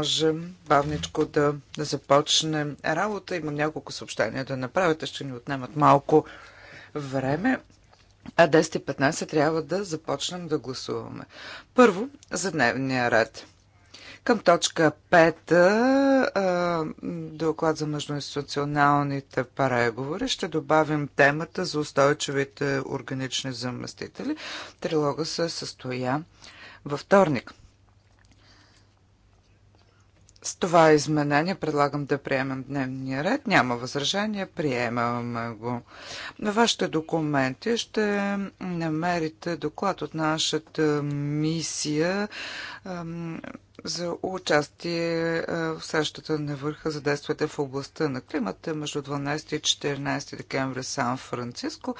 можем бавничко да, да започнем работа. Имам няколко съобщения да направите, ще ни отнемат малко време. А 10.15 трябва да започнем да гласуваме. Първо, за дневния ред. Към точка 5, доклад за междуинституционалните преговори, ще добавим темата за устойчивите органични заместители. Трилога се състоя във вторник. С това изменение предлагам да приемем дневния ред. Няма възражение, приемаме го. На вашите документи ще намерите доклад от нашата мисия за участие в срещата на върха за действията в областта на климата между 12 и 14 декември Сан-Франциско.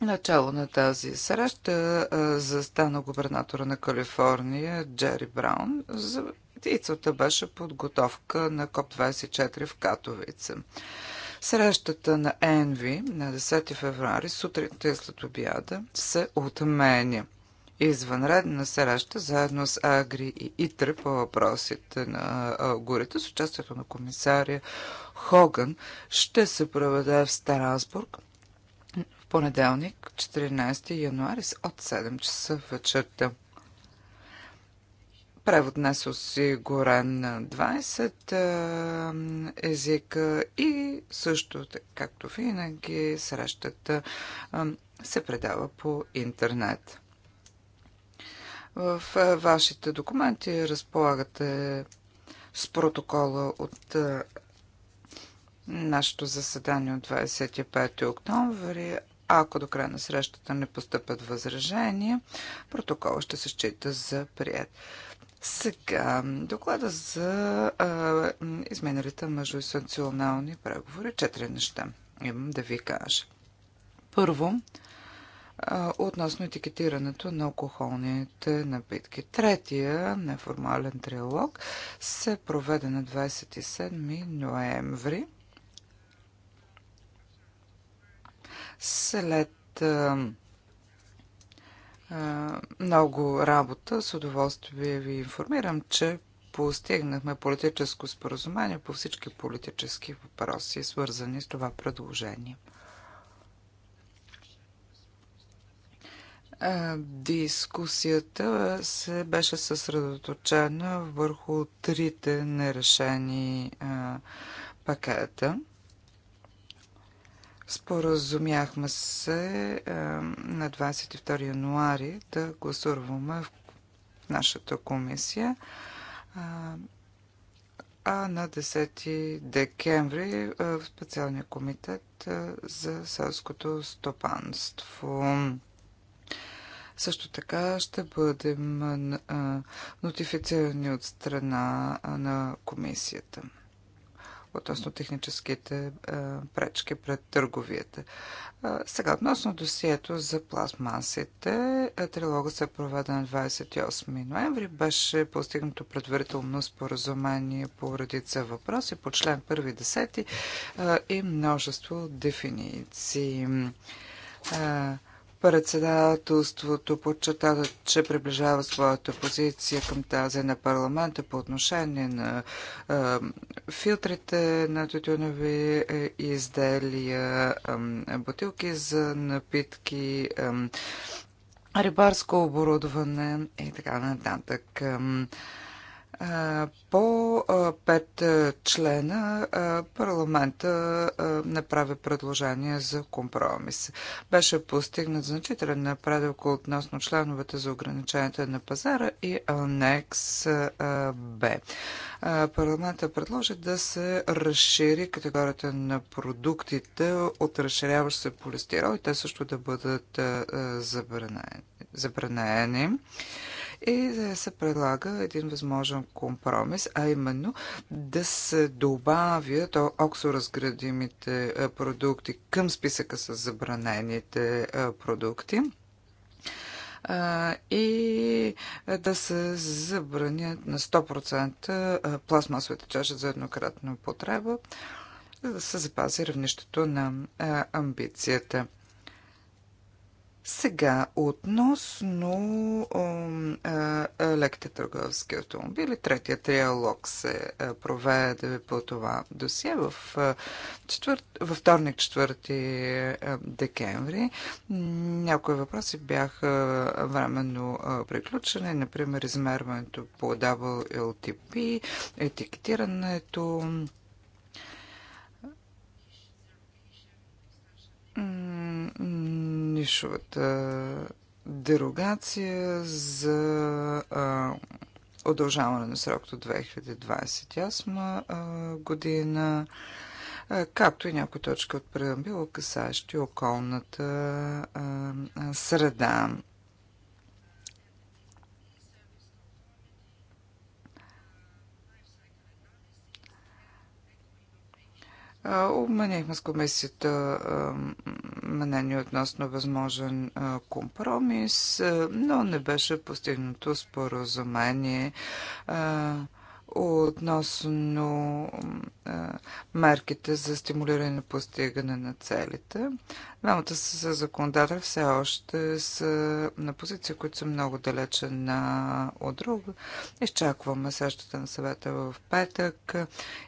Начало на тази среща застана губернатора на Калифорния Джери Браун за и целта беше подготовка на КОП-24 в Катовица. Срещата на Енви на 10 феврари сутринта и след обяда се отменя. Извънредна среща заедно с Агри и Итре по въпросите на горите с участието на комисария Хоган ще се проведе в Старасбург в понеделник, 14 януари от 7 часа вечерта. Превод на е осигурен 20 езика и също, както винаги, срещата се предава по интернет. В вашите документи разполагате с протокола от нашето заседание от 25 октомври. Ако до края на срещата не постъпят възражения, протокол ще се счита за прият. Сега, доклада за а, изменалите между институционални преговори. Четири неща имам да ви кажа. Първо, а, относно етикетирането на алкохолните напитки. Третия неформален триалог се проведе на 27 ноември. След а, много работа. С удоволствие ви информирам, че постигнахме политическо споразумение по всички политически въпроси, свързани с това предложение. Дискусията се беше съсредоточена върху трите нерешени пакета. Споразумяхме се е, на 22 януари да гласуваме в нашата комисия. Е, а на 10 декември е, в специалния комитет за селското стопанство. Също така ще бъдем нотифицирани от страна на комисията относно техническите пречки пред търговията. Сега, относно досието за пластмасите, трилога се проведе на 28 ноември. Беше постигнато предварително споразумение по редица въпроси по член 1 и 10 и множество дефиниции. Председателството подчерта, че приближава своята позиция към тази на парламента по отношение на е, филтрите на тютюнови е, изделия, е, бутилки за напитки, е, рибарско оборудване и така нататък. Е, по пет члена парламента направи предложение за компромис. Беше постигнат значителен напредък относно членовете за ограниченията на пазара и анекс Б. Парламента предложи да се разшири категорията на продуктите от разширяващ се полистирол и те също да бъдат забранени и да се предлага един възможен компромис, а именно да се добавят оксоразградимите е, продукти към списъка с забранените е, продукти е, и да се забранят на 100% пластмасовите чаши за еднократна употреба, за да се запази равнището на амбицията. Сега, относно леките търговски автомобили, третия триалог се проведе по това досие в четвър... във вторник, 4 декември. Някои въпроси бяха временно приключени, например измерването по WLTP, етикетирането, нишовата дерогация за а, удължаване на срок до 2028 година, а, както и някои точки от преамбила, касащи околната а, среда. Обменяхме с комисията мнение относно възможен компромис, но не беше постигнато споразумение относно а, мерките за стимулиране на постигане на целите. Двамата са законодател все още са на позиции, които са много далече на от друга. Изчакваме срещата на съвета в петък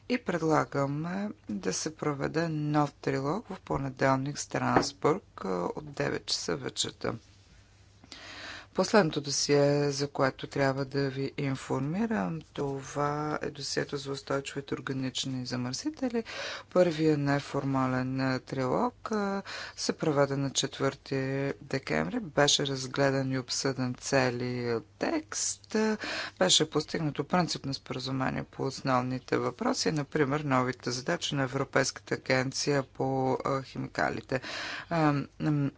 и предлагаме да се проведе нов трилог в понеделник в Страсбург от 9 часа вечерта. Последното досие, за което трябва да ви информирам, това е досието за устойчивите органични замърсители. Първият неформален трилог се проведе на 4 декември. Беше разгледан и обсъден цели текст. Беше постигнато принципно споразумение по основните въпроси, например новите задачи на Европейската агенция по химикалите.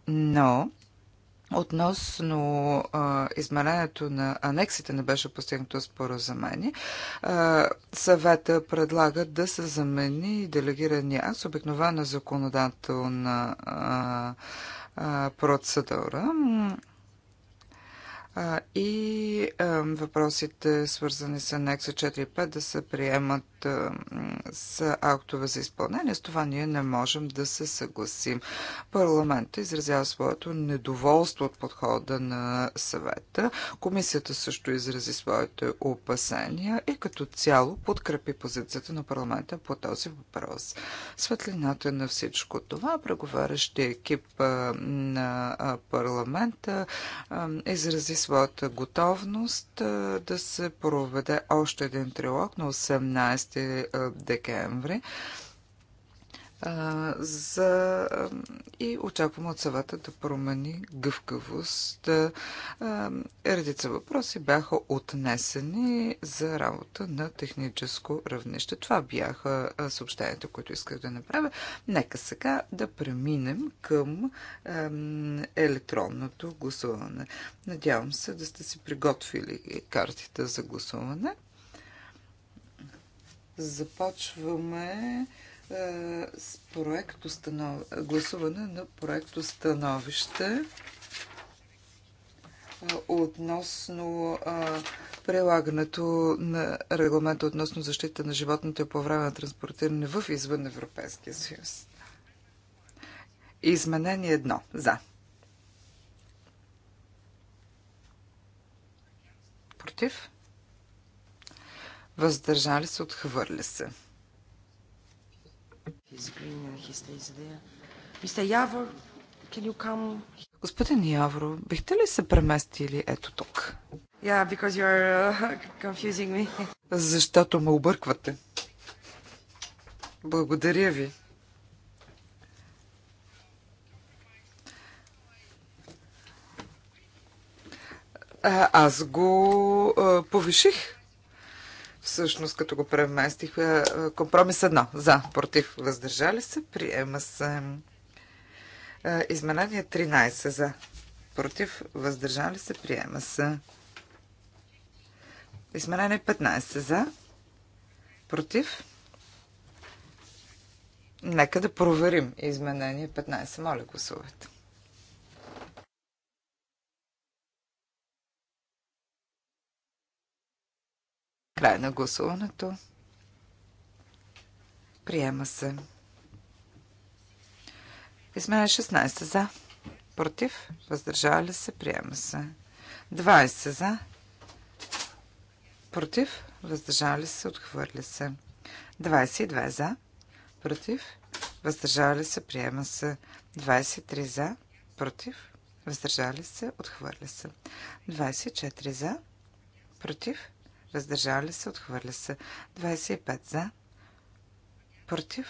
Но Относно а, измерението на анексите не беше постигнато споразумение. съвета предлага да се замени делегирания акт с обикновена законодателна а, а, процедура а, и а, въпросите, свързани с анекса 4 и 5, да се приемат а, с актове за изпълнение. С това ние не можем да се съгласим. Парламентът изразява своето недоволство от подхода на съвета. Комисията също изрази своите опасения и като цяло подкрепи позицията на парламента по този въпрос. Светлината на всичко това, преговарящия екип а, на парламента а, изрази своята готовност да се проведе още един трилог на 18 декември за, и очаквам от съвета да промени гъвкавост. Редица въпроси бяха отнесени за работа на техническо равнище. Това бяха съобщенията, които исках да направя. Нека сега да преминем към електронното гласуване. Надявам се да сте си приготвили картите за гласуване. Започваме е, с проекто станов... гласуване на проекто становище е, относно е, прилагането на регламента относно защита на животните по време на транспортиране в извън Европейския съюз. Изменение едно. За. Против? Въздържали се, отхвърли се. Господин Явро, бихте ли се преместили ето тук? Yeah, because uh, confusing me. Защото ме обърквате. Благодаря ви. Аз го повиших Всъщност, като го преместих, е, е, компромис едно. За, против, въздържали се. Приема се. Е, изменение 13 за. Против, въздържали се. Приема се. Изменение 15 за. Против. Нека да проверим изменение 15. Моля, гласувайте. Край на гласуването. Приема се. Измене 16 за. Против. Въздържали се. Приема се. 20 за. Против. Въздържали се. Отхвърля се. 22 за. Против. Въздържали се. Приема се. 23 за. Против. Въздържали се. Отхвърля се. 24 за. Против въздържали се, отхвърля се. 25 за, против,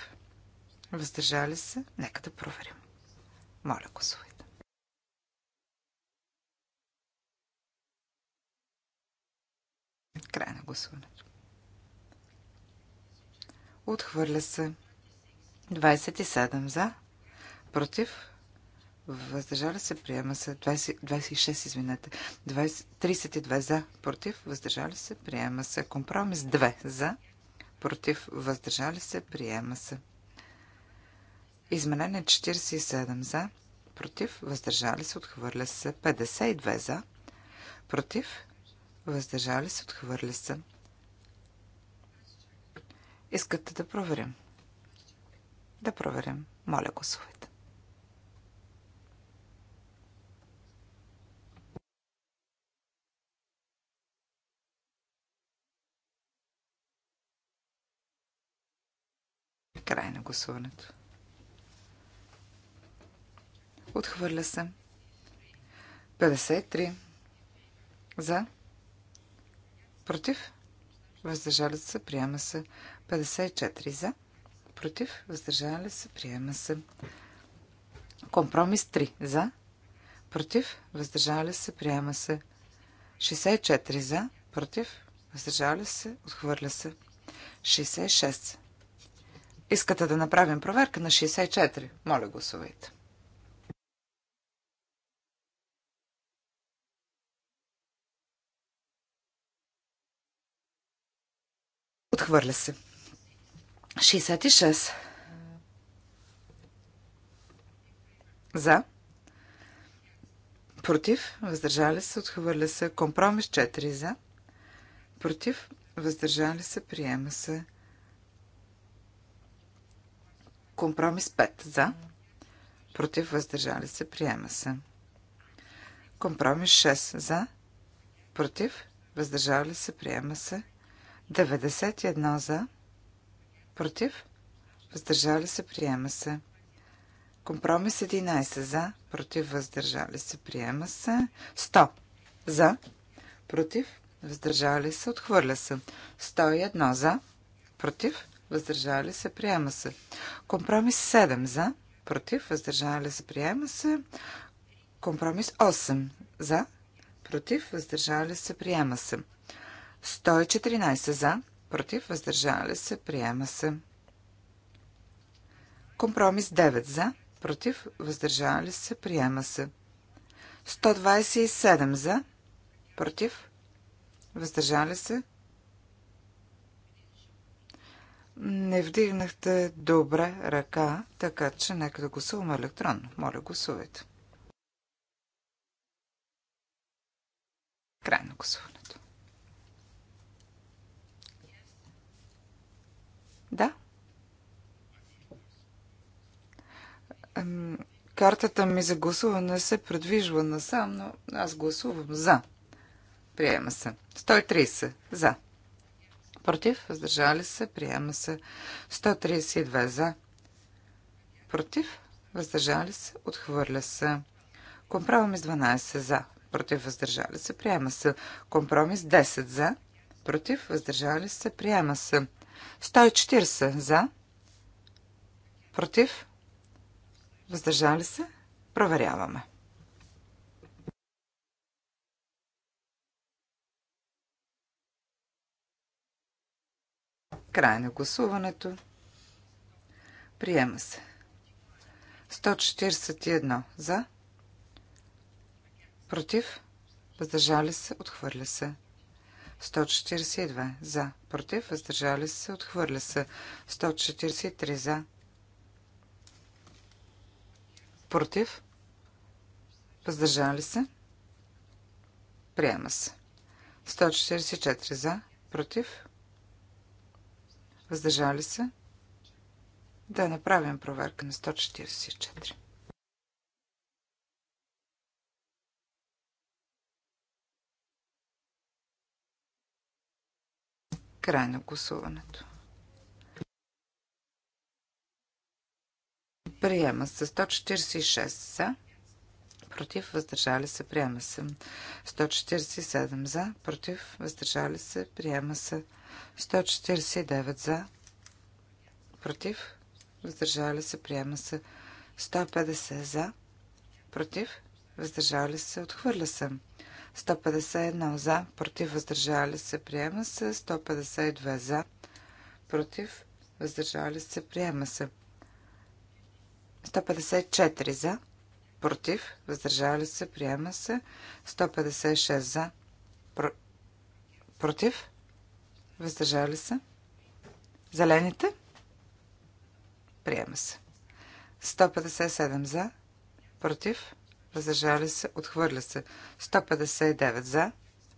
въздържали се. Нека да проверим. Моля, гласувайте. Край на гласуването. Отхвърля се. 27 за, против, въздържали се, приема се 20, 26, извинете, 20, 32 за, против, въздържали се, приема се. Компромис 2 за, против, въздържали се, приема се. Изменение 47 за, против, въздържали се, отхвърля се, 52 за, против, въздържали се, отхвърля се. Искате да проверим? Да проверим. Моля, гласувайте. Край на гласуването. Отхвърля се. 53. За. Против. Въздържали се. Приема се. 54. За. Против. Въздържали се. Приема се. Компромис 3. За. Против. Въздържали се. Приема се. 64. За. Против. Въздържали се. Отхвърля се. 66. Искате да направим проверка на 64. Моля, гласувайте. Отхвърля се. 66. За. Против. Въздържали се. Отхвърля се. Компромис 4. За. Против. Въздържали се. Приема се. Компромис 5 за. Против въздържали се. Приема се. Компромис 6 за. Против въздържали се. Приема се. 91 за. Против въздържали се. Приема се. Компромис 11 за. Против въздържали се. Приема се. 100 за. Против въздържали се. Отхвърля се. 101 за. Против въздържали се, приема се. Компромис 7 за, против, въздържали се, приема се. Компромис 8 за, против, въздържали се, приема се. 114 за, против, въздържали се, приема се. Компромис 9 за, против, въздържали се, приема се. 127 за, против, въздържали се, не вдигнахте добре ръка, така че нека да гласуваме електронно. Моля, гласувайте. Край на гласуването. Да. Картата ми за гласуване се предвижва насам, но аз гласувам за. Приема се. 130 за. Против. Въздържали се. Приема се. 132 за. Против. Въздържали се. Отхвърля се. Компромис 12 за. Против. Въздържали се. Приема се. Компромис 10 за. Против. Въздържали се. Приема се. 140 за. Против. Въздържали се. Проверяваме. Край на гласуването. Приема се. 141 за. Против. Въздържали се. Отхвърля се. 142 за. Против. Въздържали се. Отхвърля се. 143 за. Против. Въздържали се. Приема се. 144 за. Против. Въздържали се? Да направим проверка на 144. Край на гласуването. Приема се 146 за, против, въздържали се, приема се. 147 за, против, въздържали се, приема се. 149 за, против, въздържали се, приема се. 150 за, против, въздържали се, отхвърля се. 151 за, против, въздържали се, приема се. 152 за, против, въздържали се, приема се. 154 за, против, въздържали се, приема се. 156 за, про... против, Въздържали се. Зелените. Приема се. 157 за. Против. Въздържали се. Отхвърля се. 159 за.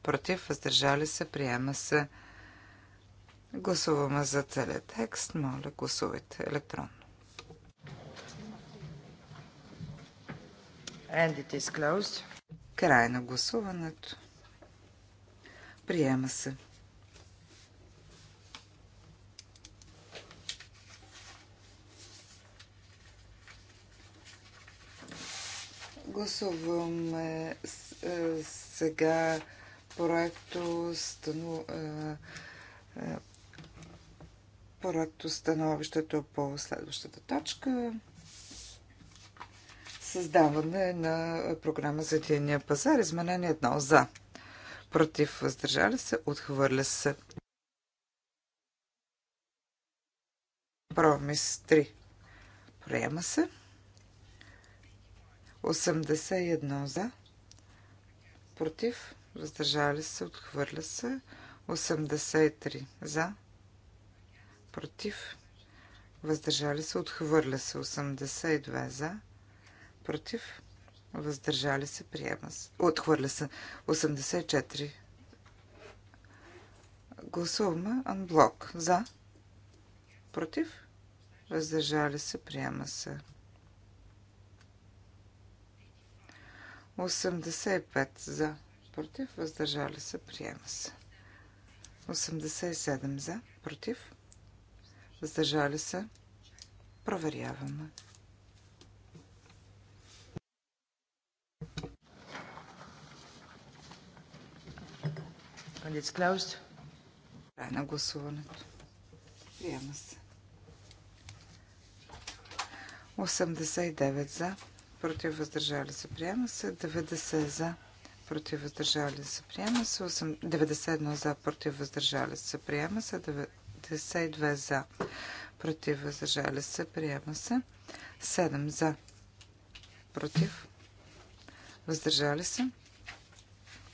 Против. Въздържали се. Приема се. Гласуваме за целият текст. Моля, гласувайте електронно. And it is closed. Край на гласуването. Приема се. Гласуваме е, сега проекто стану, е, е, проекто становището по следващата точка. Създаване на програма за единния пазар. Изменение едно за. Против въздържали се. Отхвърля се. Промис 3. Приема се. 81 за. Против. Въздържали се. Отхвърля се. 83 за. Против. Въздържали се. Отхвърля се. 82 за. Против. Въздържали се. Приема се. Отхвърля се. 84. Гласуваме анблок. За. Против. Въздържали се. Приема се. 85 за. Против. Въздържали се. Приема се. 87 за. Против. Въздържали се. Проверяваме. Кандидат Клауст. Край на гласуването. Приема се. 89 за против въздържали се, приема се. 90 за, против въздържали се, приема се. 91 за, против въздържали се, приема се. 92 за, против въздържали се, приема се. 7 за, против въздържали се.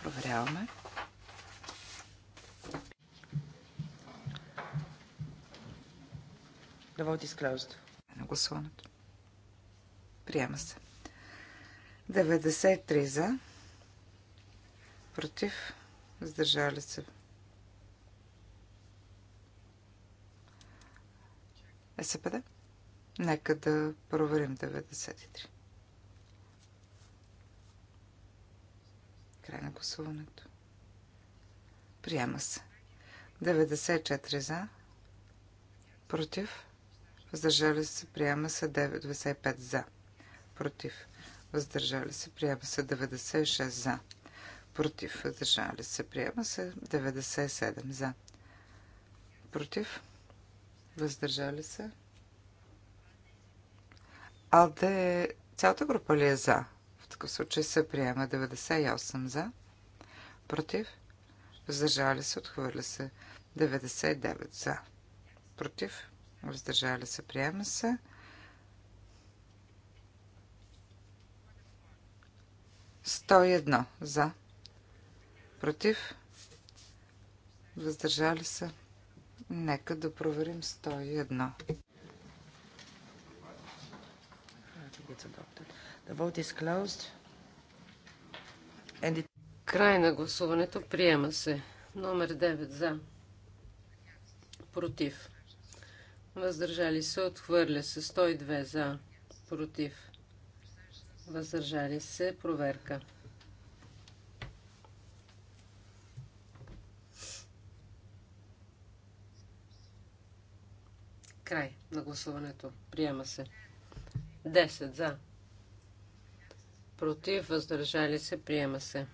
Проверяваме. The vote is На гласуването. Приема се. 93 за. Против. Сдържали се. Е, СПД? Нека да проверим 93. Край на гласуването. Приема се. 94 за. Против. Въздържали се. Приема се 95 за. Против въздържали се, приема се 96 за. Против, въздържали се, приема се 97 за. Против, въздържали се. Алде, цялата група ли е за? В такъв случай се приема 98 за. Против, въздържали се, отхвърля се 99 за. Против, въздържали се, приема се 101 за. Против. Въздържали се. Нека да проверим 101. The vote is closed. And it... Край на гласуването. Приема се. Номер 9 за. Против. Въздържали се. Отхвърля се. 102 за. Против въздържали се, проверка. Край на гласуването. Приема се. 10 за. Против, въздържали се, приема се.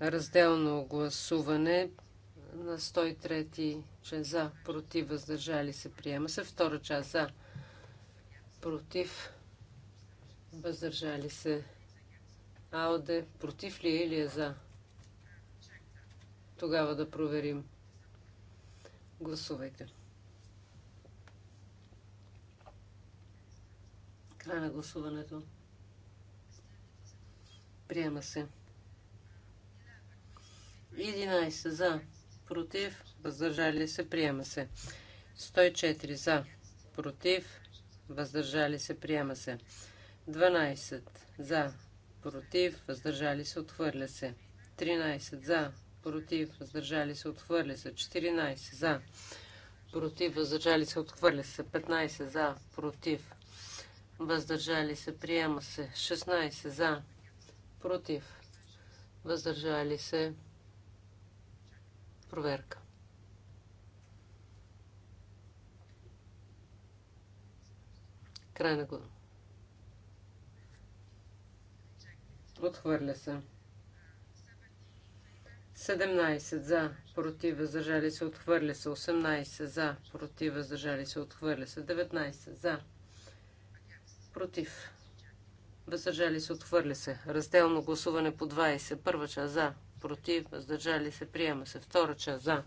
Разделно гласуване на 103 че за, против, въздържали се, приема се. Втора част за, против, Въздържали се. Ауде. против ли е или е за? Тогава да проверим. Гласувайте. Край на гласуването. Приема се. 11 за, против, въздържали се, приема се. 104 за, против, въздържали се, приема се. 12 за, против, въздържали се, отхвърля се. 13 за, против, въздържали се, отхвърля се. 14 за, против, въздържали се, отхвърля се. 15 за, против, въздържали се, приема се. 16 за, против, въздържали се. Проверка. Край на година. Отхвърля се. 17 за, против, въздържали се, отхвърля се. 18 за, против, въздържали се, отхвърля се. 19 за, против, въздържали се, отхвърля се. Разделно гласуване по 20. Първа част за, против, въздържали се, приема се. Втора част за,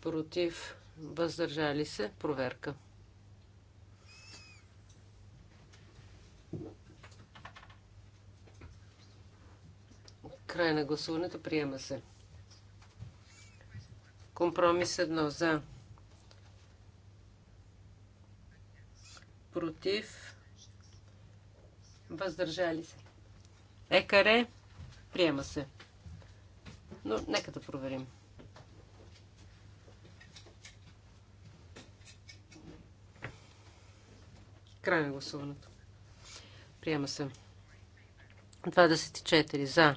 против, въздържали се, проверка. Край на гласуването. Приема се. Компромис 1 за. Против. Въздържали се. Екаре. Приема се. Но нека да проверим. Край на гласуването. Приема се. 24 за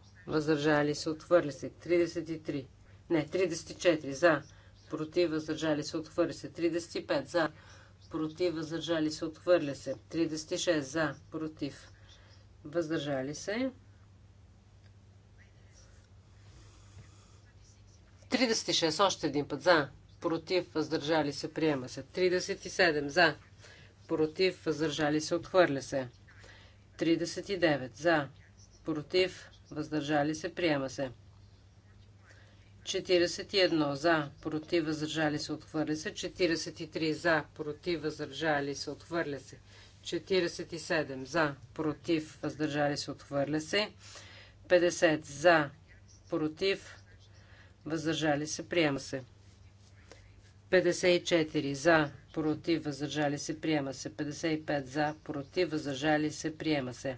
въздържали се, отхвърли се. 33. Не, 34 за, против, въздържали се, отхвърли се. 35 за, против, въздържали се, отхвърля се. 36 за, против, въздържали се. 36 още един път за, против, въздържали се, приема се. 37 за, против, въздържали се, отхвърля се. 39 за, против, въздържали се, приема се. 41 за, против, въздържали се, отхвърля се. 43 за, против, въздържали се, отхвърля се. 47 за, против, въздържали се, отхвърля се. 50 за, против, въздържали се, приема се. 54 за, против, въздържали се, приема се. 55 за, против, въздържали се, приема се.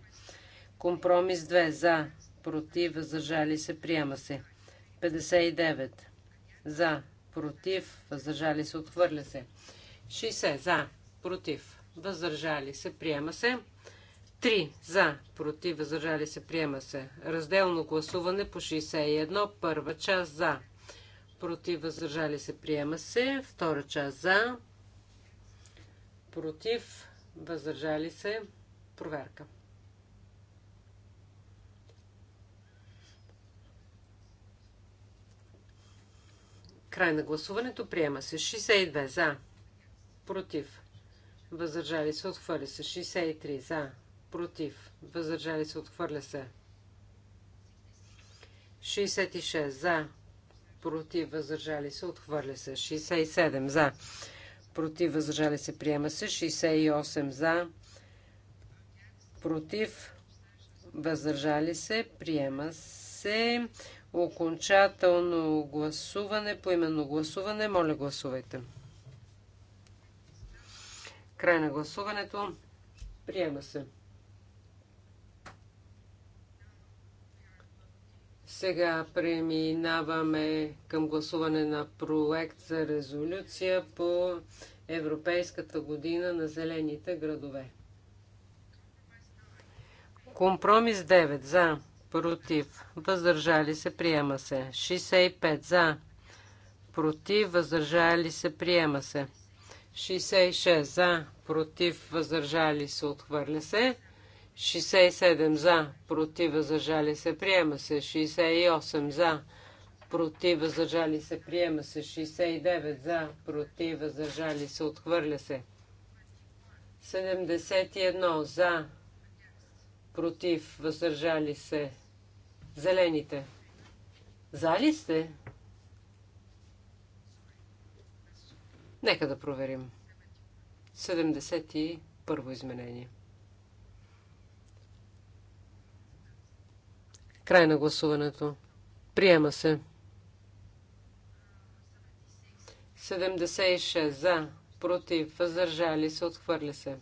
Компромис 2 за, против, въздържали се, приема се. 59 за, против, въздържали се, отхвърля се. 60 за, против, въздържали се, приема се. 3 за, против, въздържали се, приема се. Разделно гласуване по 61, първа част за, против, въздържали се, приема се. Втора част за, против, въздържали се, проверка. Край на гласуването. Приема се. 62 за. Против. Въздържали се. Отхвърля се. 63 за. Против. Въздържали се. Отхвърля се. 66 за. Против. Въздържали се. Отхвърля се. 67 за. Против. Въздържали се. Приема се. 68 за. Против. Въздържали се. Приема се. Окончателно гласуване, поименно гласуване. Моля, гласувайте. Край на гласуването. Приема се. Сега преминаваме към гласуване на проект за резолюция по Европейската година на зелените градове. Компромис 9 за против, въздържали се, приема се. 65 за, против, въздържали се, приема се. 66 за, против, въздържали се, отхвърля се. 67 за, против, въздържали се, приема се. 68 за, против, въздържали се, приема се. 69 за, против, въздържали се, отхвърля се. 71 за, против, въздържали се, Зелените. Зали сте? Нека да проверим. 71 изменение. Край на гласуването. Приема се. 76 за, против, въздържали се, отхвърля се.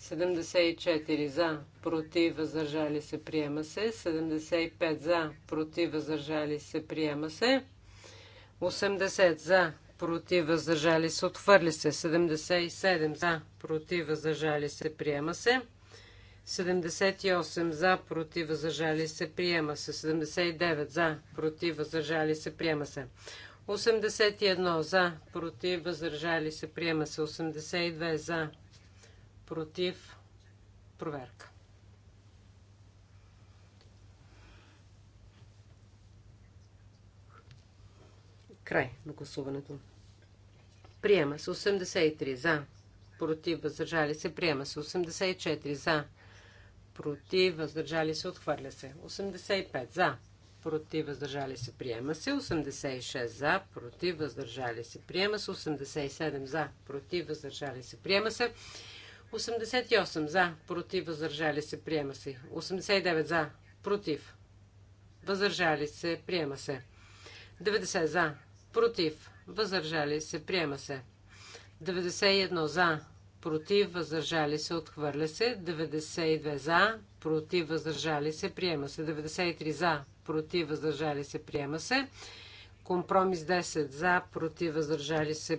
74 за, против, въздържали се, приема се. 75 за, против, въздържали се, приема се. 80 за, против, въздържали се, отвърли се. 77 за, против, въздържали се, приема се. 78 за, против, въздържали се, приема се. 79 за, против, въздържали се, приема се. 81 за, против, въздържали се, приема се. 82 за, против проверка. Край на гласуването. Приема се 83 за, против въздържали се. Приема се 84 за, против въздържали се. Отхвърля се. 85 за, против въздържали се. Приема се 86 за, против въздържали се. Приема се 87 за, против въздържали се. Приема се 88 за, против, въздържали се, приема се. 89 за, против, въздържали се, приема се. 90 за, против, въздържали се, приема се. 91 за, против, въздържали се, отхвърля се. 92 за, против, въздържали се, приема се. 93 за, против, въздържали се, приема се. Компромис 10 за, против, въздържали се,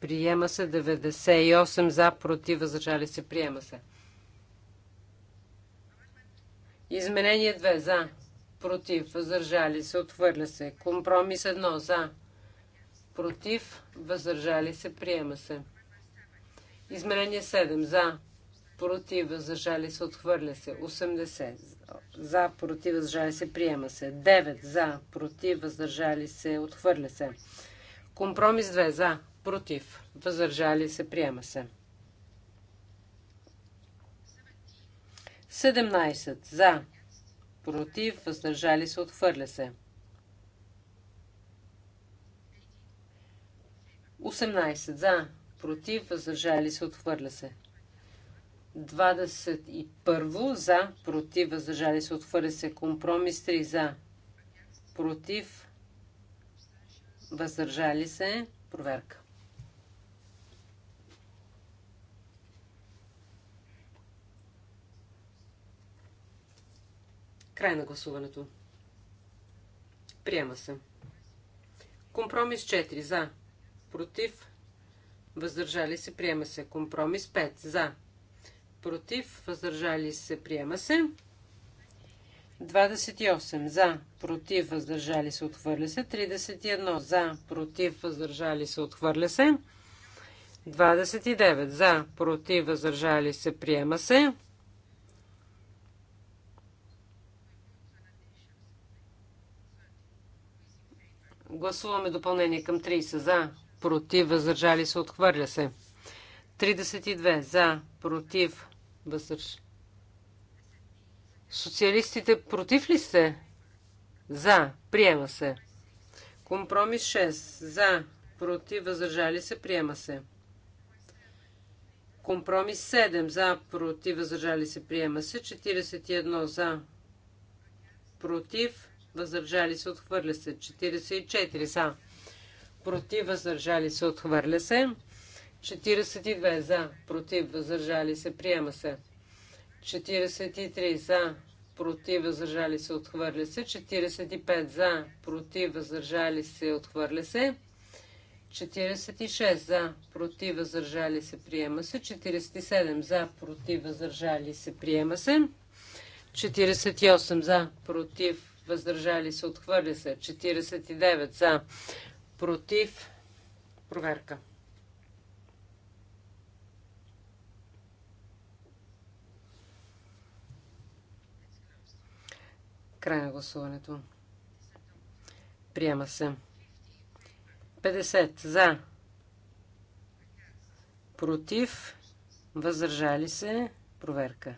Приема се 98 за, против, въздържали се. Приема се. Изменение 2 за, против, въздържали се. Отхвърля се. Компромис 1 за, против, въздържали се. Приема се. Изменение 7 за, против, въздържали се, отхвърля се. 80 за, против, въздържали се, приема се. 9 за, против, въздържали се, отхвърля се. Компромис 2 за, Против. Въздържали се. Приема се. 17. За. Против. Въздържали се. Отхвърля се. 18. За. Против. Въздържали се. Отхвърля се. 21. За. Против. Въздържали се. Отхвърля се. Компромис 3. За. Против. Въздържали се. Проверка. Край на гласуването. Приема се. Компромис 4. За. Против. Въздържали се. Приема се. Компромис 5. За. Против. Въздържали се. Приема се. 28. За. Против. Въздържали се. Отхвърля се. 31. За. Против. Въздържали се. Отхвърля се. 29. За. Против. Въздържали се. Приема се. Гласуваме допълнение към 30. За, против, въздържали се, отхвърля се. 32. За, против, въздържали Социалистите против ли сте? За. Приема се. Компромис 6. За. Против. Въздържали се. Приема се. Компромис 7. За. Против. Въздържали се. Приема се. 41. За. Против въздържали се, отхвърля се. 44 са против, въздържали се, отхвърля се. 42 за, против, въздържали се, приема се. 43 за, против, въздържали се, отхвърля се. 45 за, против, въздържали се, отхвърля се. 46 за, против, въздържали се, приема се. 47 за, против, въздържали се, приема се. 48 за, против, въздържали се, отхвърля се. 49 за, против, проверка. Край на гласуването. Приема се. 50 за. Против. Въздържали се. Проверка.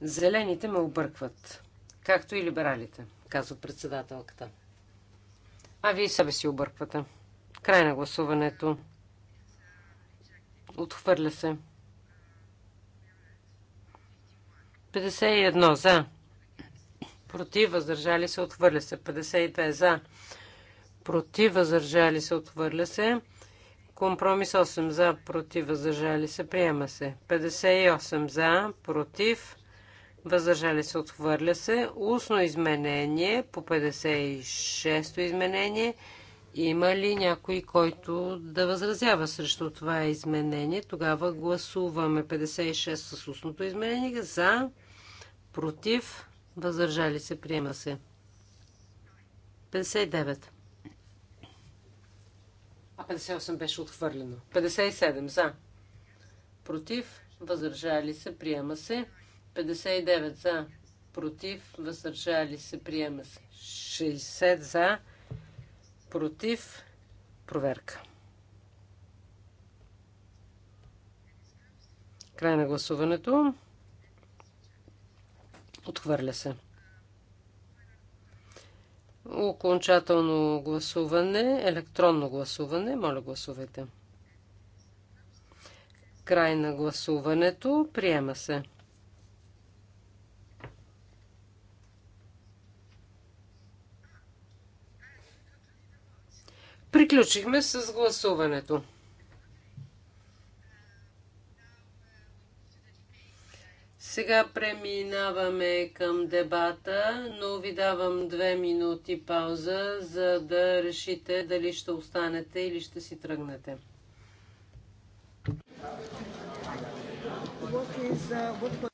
Зелените ме объркват, както и либералите, казва председателката. А вие себе си обърквате. Край на гласуването. Отхвърля се. 51 за. Против, въздържали се, отхвърля се. 52 за. Против, въздържали се, отхвърля се. Компромис 8 за, против, въздържали се, приема се. 58 за, против, въздържали се, отхвърля се. Устно изменение по 56-то изменение. Има ли някой, който да възразява срещу това изменение? Тогава гласуваме 56 с устното изменение. За, против, въздържали се, приема се. 59. А 58 беше отхвърлено. 57 за. Против, възражали се, приема се. 59 за, против, въздържали се, приема се. 60 за, против, проверка. Край на гласуването. Отхвърля се. Окончателно гласуване, електронно гласуване. Моля, гласувайте. Край на гласуването. Приема се. Приключихме с гласуването. Сега преминаваме към дебата, но ви давам две минути пауза, за да решите дали ще останете или ще си тръгнете. What is, uh, what...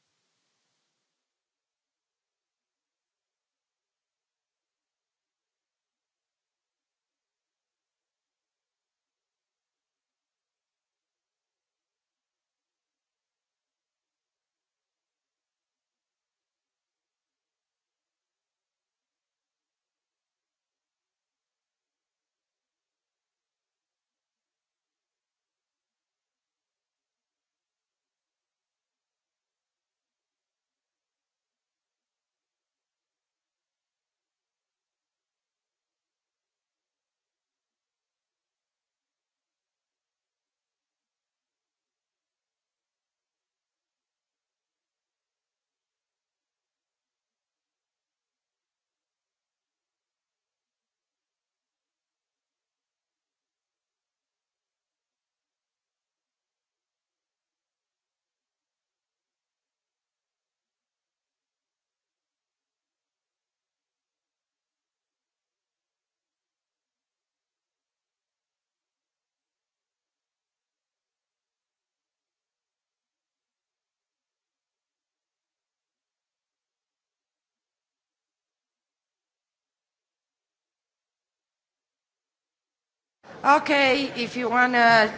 Okay, if you wanna...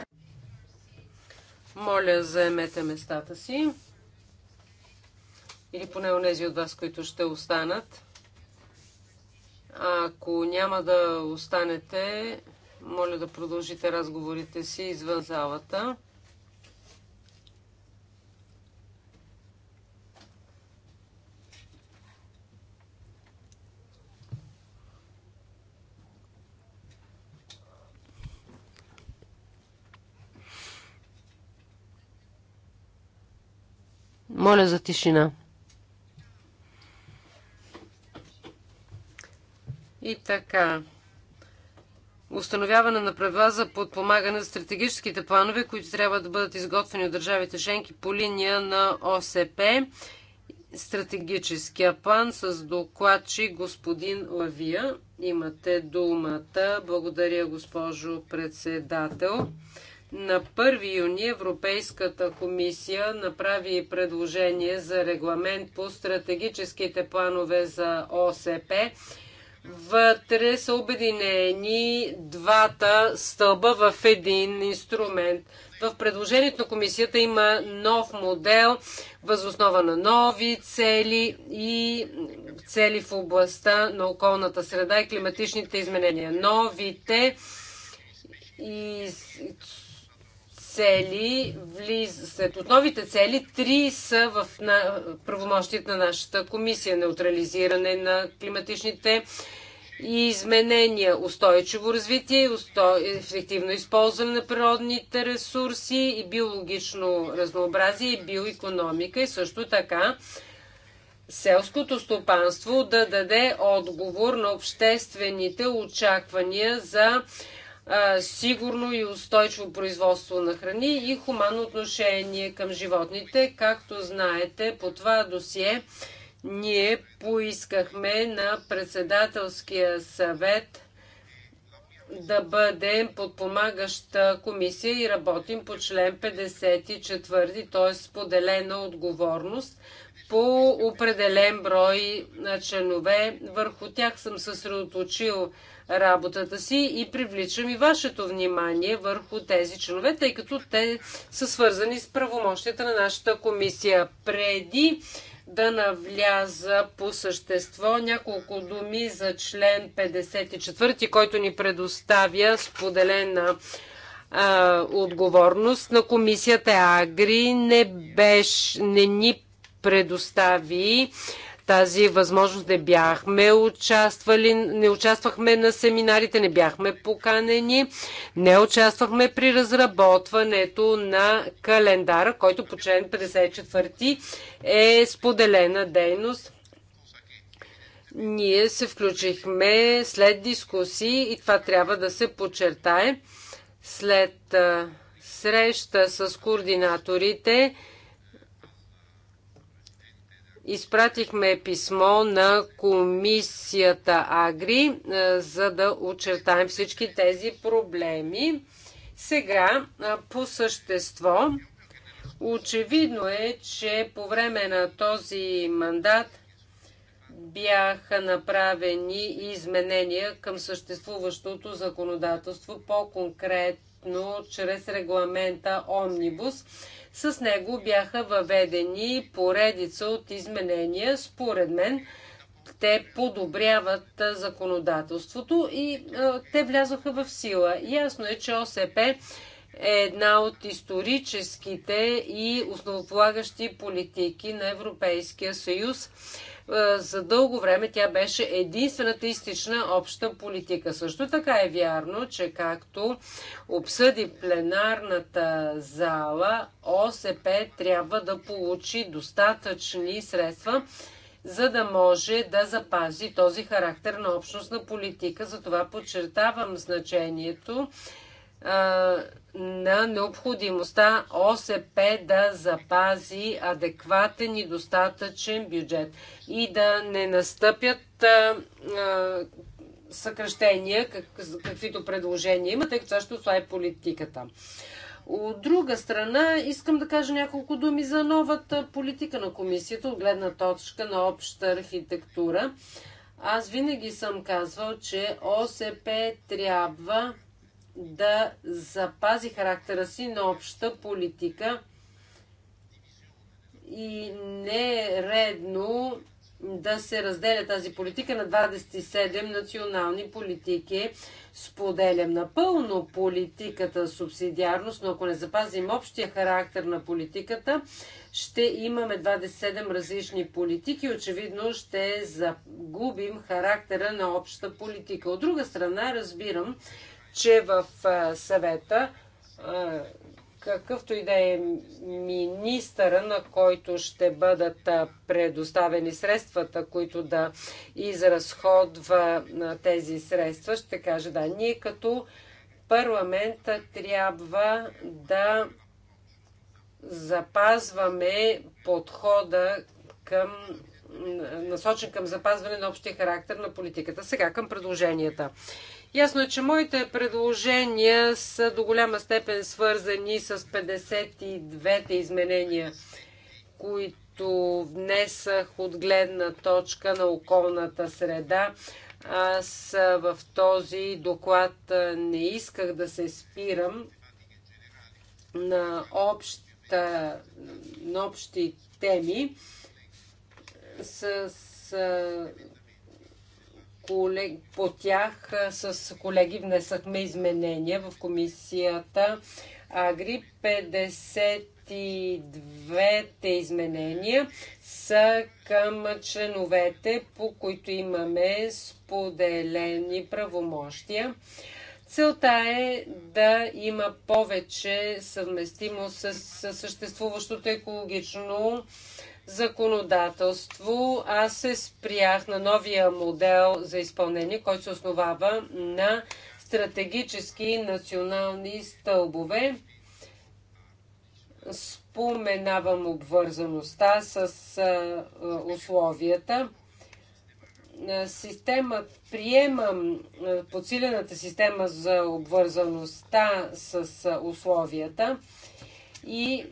Моля, заемете местата си. Или поне у нези от вас, които ще останат. Ако няма да останете, моля да продължите разговорите си извън залата. Моля за тишина. И така. Установяване на правила за подпомагане за стратегическите планове, които трябва да бъдат изготвени от държавите членки по линия на ОСП. Стратегическия план с докладчи господин Лавия. Имате думата. Благодаря, госпожо председател. На 1 юни Европейската комисия направи предложение за регламент по стратегическите планове за ОСП. Вътре са обединени двата стълба в един инструмент. В предложението на комисията има нов модел, възоснова на нови цели и цели в областта на околната среда и климатичните изменения. Новите и цели, след от новите цели, три са в на... на нашата комисия. Неутрализиране на климатичните изменения, устойчиво развитие, ефективно използване на природните ресурси и биологично разнообразие и биоекономика и също така селското стопанство да даде отговор на обществените очаквания за сигурно и устойчиво производство на храни и хуманно отношение към животните. Както знаете, по това досие ние поискахме на председателския съвет да бъде подпомагаща комисия и работим по член 54, т.е. споделена отговорност по определен брой членове. Върху тях съм съсредоточил работата си и привличам и вашето внимание върху тези членове, тъй като те са свързани с правомощията на нашата комисия. Преди да навляза по същество няколко думи за член 54, който ни предоставя споделена а, отговорност на комисията Агри не, беше, не ни предостави тази възможност. Не бяхме участвали, не участвахме на семинарите, не бяхме поканени, не участвахме при разработването на календара, който по член 54 е споделена дейност ние се включихме след дискусии и това трябва да се подчертае. След среща с координаторите Изпратихме писмо на комисията Агри, е, за да очертаем всички тези проблеми. Сега е, по същество. Очевидно е, че по време на този мандат бяха направени изменения към съществуващото законодателство, по-конкретно чрез регламента Омнибус. С него бяха въведени поредица от изменения. Според мен, те подобряват законодателството и те влязоха в сила. Ясно е, че ОСП е една от историческите и основополагащи политики на Европейския съюз. Е, за дълго време тя беше единствената истична обща политика. Също така е вярно, че както обсъди пленарната зала, ОСП трябва да получи достатъчни средства, за да може да запази този характер на общностна политика. Затова подчертавам значението на необходимостта ОСП да запази адекватен и достатъчен бюджет и да не настъпят съкръщения, каквито предложения има, тъй като това е политиката. От друга страна, искам да кажа няколко думи за новата политика на комисията от гледна точка на обща архитектура. Аз винаги съм казвал, че ОСП трябва да запази характера си на обща политика и не е редно да се разделя тази политика на 27 национални политики. Споделям напълно политиката субсидиарност, но ако не запазим общия характер на политиката, ще имаме 27 различни политики. Очевидно ще загубим характера на обща политика. От друга страна, разбирам, че в съвета какъвто и да е министъра, на който ще бъдат предоставени средствата, които да изразходва тези средства, ще каже да. Ние като парламент трябва да запазваме подхода към насочен към запазване на общия характер на политиката. Сега към предложенията. Ясно е, че моите предложения са до голяма степен свързани с 52-те изменения, които внесах от гледна точка на околната среда. Аз в този доклад не исках да се спирам на, обща, на общи теми с колег... по тях с колеги внесахме изменения в комисията Агри 52-те изменения са към членовете, по които имаме споделени правомощия. Целта е да има повече съвместимост с съществуващото екологично законодателство, аз се спрях на новия модел за изпълнение, който се основава на стратегически национални стълбове. Споменавам обвързаността с условията система, приемам подсилената система за обвързаността с условията и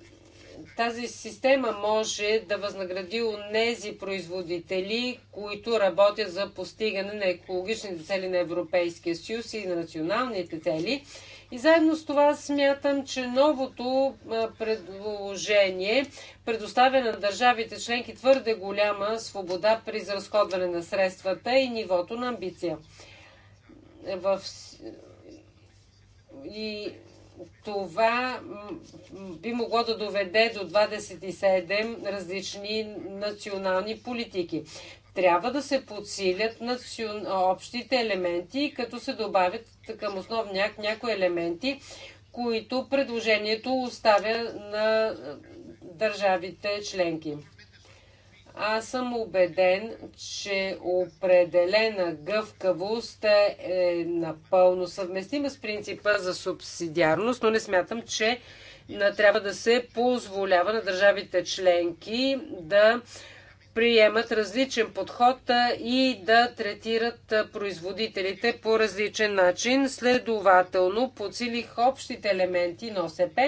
тази система може да възнагради онези производители, които работят за постигане на екологичните цели на Европейския съюз и на националните цели. И заедно с това смятам, че новото предложение предоставя на държавите членки твърде голяма свобода при изразходване на средствата и нивото на амбиция. В... И това би могло да доведе до 27 различни национални политики. Трябва да се подсилят национ... общите елементи, като се добавят към основния някои елементи, които предложението оставя на държавите членки. Аз съм убеден, че определена гъвкавост е, е напълно съвместима с принципа за субсидиарност, но не смятам, че трябва да се позволява на държавите членки да приемат различен подход и да третират производителите по различен начин. Следователно, подсилих общите елементи на ОСП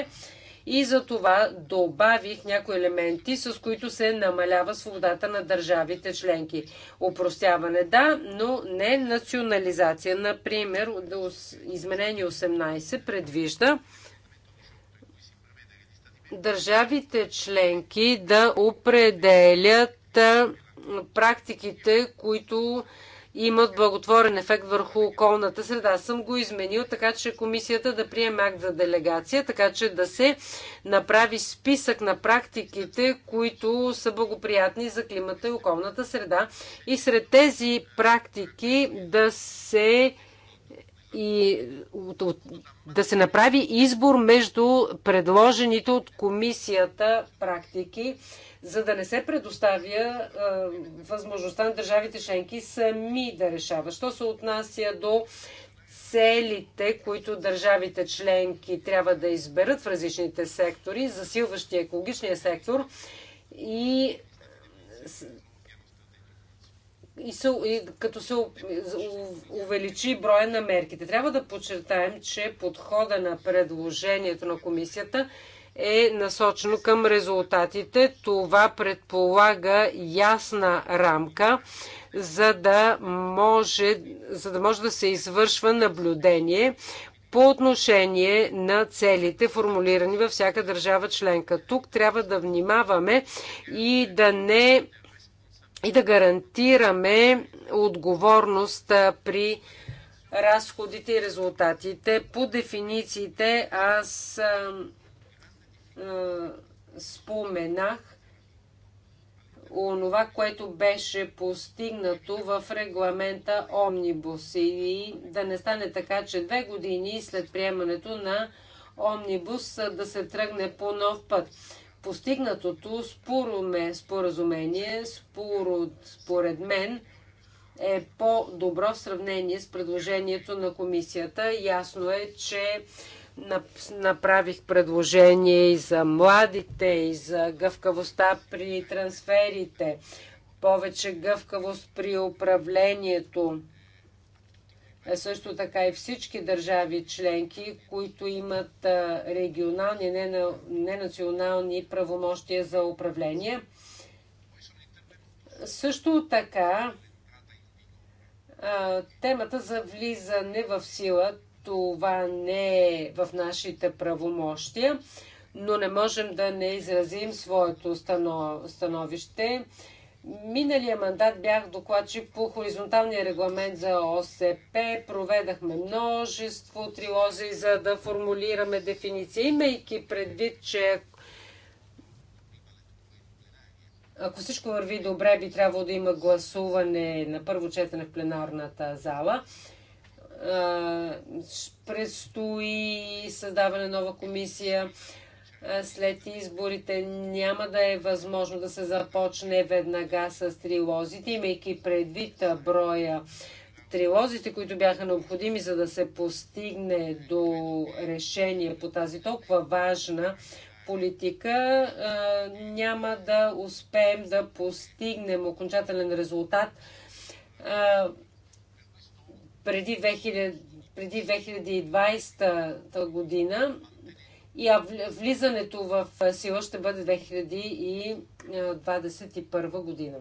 и за това добавих някои елементи, с които се намалява свободата на държавите членки. Опростяване да, но не национализация. Например, изменение 18 предвижда държавите членки да определят практиките, които имат благотворен ефект върху околната среда. Аз съм го изменил, така че комисията да приеме акт за делегация, така че да се направи списък на практиките, които са благоприятни за климата и околната среда. И сред тези практики да се и да се направи избор между предложените от комисията практики за да не се предоставя а, е, възможността на държавите членки сами да решават. Що се отнася до целите, които държавите членки трябва да изберат в различните сектори, засилващи екологичния сектор и и, се, и като се увеличи броя на мерките. Трябва да подчертаем, че подхода на предложението на комисията е насочено към резултатите. Това предполага ясна рамка, за да може, за да, може да се извършва наблюдение по отношение на целите, формулирани във всяка държава членка. Тук трябва да внимаваме и да не и да гарантираме отговорност при разходите и резултатите. По дефинициите аз е, споменах онова, което беше постигнато в регламента Омнибус и да не стане така, че две години след приемането на Омнибус да се тръгне по нов път. Постигнатото спороме, споразумение, според, според мен, е по-добро в сравнение с предложението на комисията. Ясно е, че Направих предложение и за младите, и за гъвкавостта при трансферите, повече гъвкавост при управлението. А също така и всички държави членки, които имат регионални, ненационални правомощия за управление. Също така темата за влизане в сила това не е в нашите правомощия, но не можем да не изразим своето становище. Миналия мандат бях докладчик по хоризонталния регламент за ОСП. Проведахме множество трилози, за да формулираме дефиниции, имайки предвид, че ако всичко върви добре, би трябвало да има гласуване на първо четене в пленарната зала предстои създаване на нова комисия след изборите няма да е възможно да се започне веднага с трилозите, имайки предвид броя трилозите, които бяха необходими, за да се постигне до решение по тази толкова важна политика, няма да успеем да постигнем окончателен резултат преди, 2000, преди 2020 година и влизането в сила ще бъде 2021 година.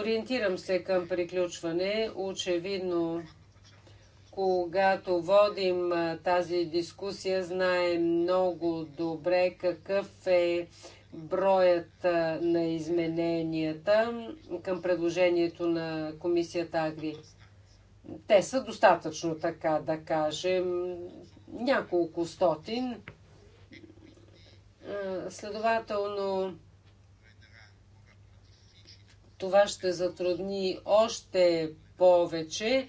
Ориентирам се към приключване. Очевидно, когато водим тази дискусия, знаем много добре какъв е броят на измененията към предложението на комисията Агри. Те са достатъчно, така да кажем, няколко стотин. Следователно, това ще затрудни още повече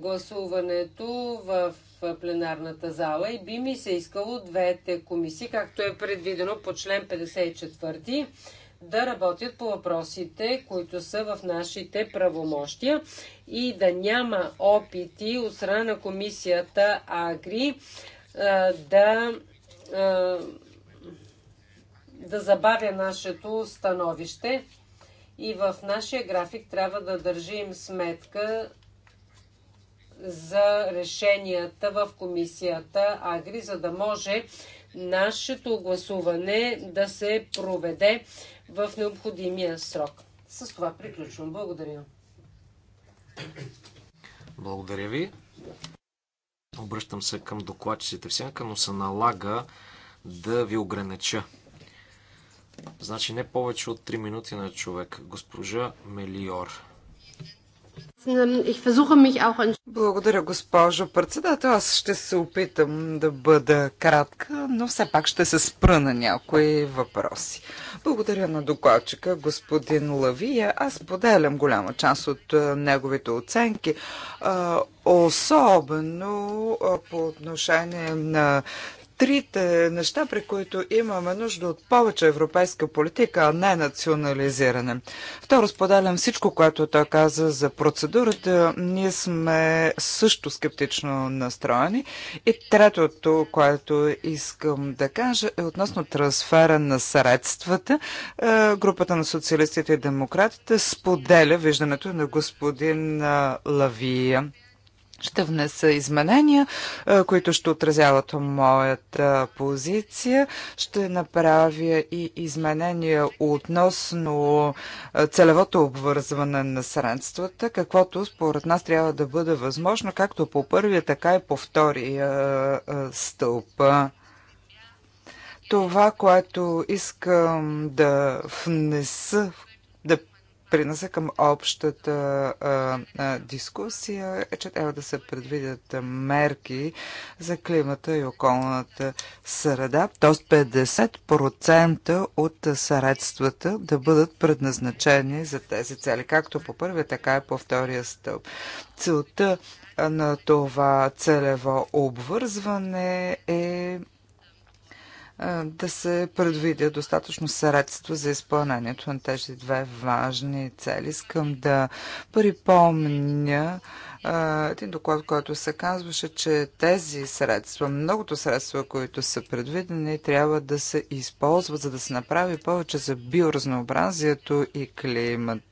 гласуването в пленарната зала и би ми се искало двете комисии, както е предвидено по член 54, да работят по въпросите, които са в нашите правомощия и да няма опити от страна на комисията Агри да, да забавя нашето становище. И в нашия график трябва да държим сметка за решенията в комисията Агри, за да може нашето гласуване да се проведе в необходимия срок. С това приключвам. Благодаря. Благодаря ви. Обръщам се към докладчиците всяка, сянка, но се налага да ви огранича. Значи не повече от 3 минути на човек. Госпожа Мелиор. Ähm, Благодаря, госпожо председател. Аз ще се опитам да бъда кратка, но все пак ще се спра на някои въпроси. Благодаря на докладчика, господин Лавия. Аз поделям голяма част от неговите оценки, особено по отношение на трите неща, при които имаме нужда от повече европейска политика, а не национализиране. Второ, споделям всичко, което той каза за процедурата. Ние сме също скептично настроени. И третото, което искам да кажа е относно трансфера на средствата. Е, групата на социалистите и демократите споделя виждането на господин е, Лавия. Ще внеса изменения, е, които ще отразяват моята позиция. Ще направя и изменения относно е, целевото обвързване на средствата, каквото според нас трябва да бъде възможно, както по първия, така и по втория е, стълб. Това, което искам да внеса в приноса към общата а, а, дискусия е, че трябва да се предвидят мерки за климата и околната среда, т.е. 50% от средствата да бъдат предназначени за тези цели, както по първия, така и по втория стълб. Целта на това целево обвързване е да се предвидят достатъчно средства за изпълнението на тези две важни цели. Искам да припомня един доклад, който се казваше, че тези средства, многото средства, които са предвидени, трябва да се използват, за да се направи повече за биоразнообразието и климат.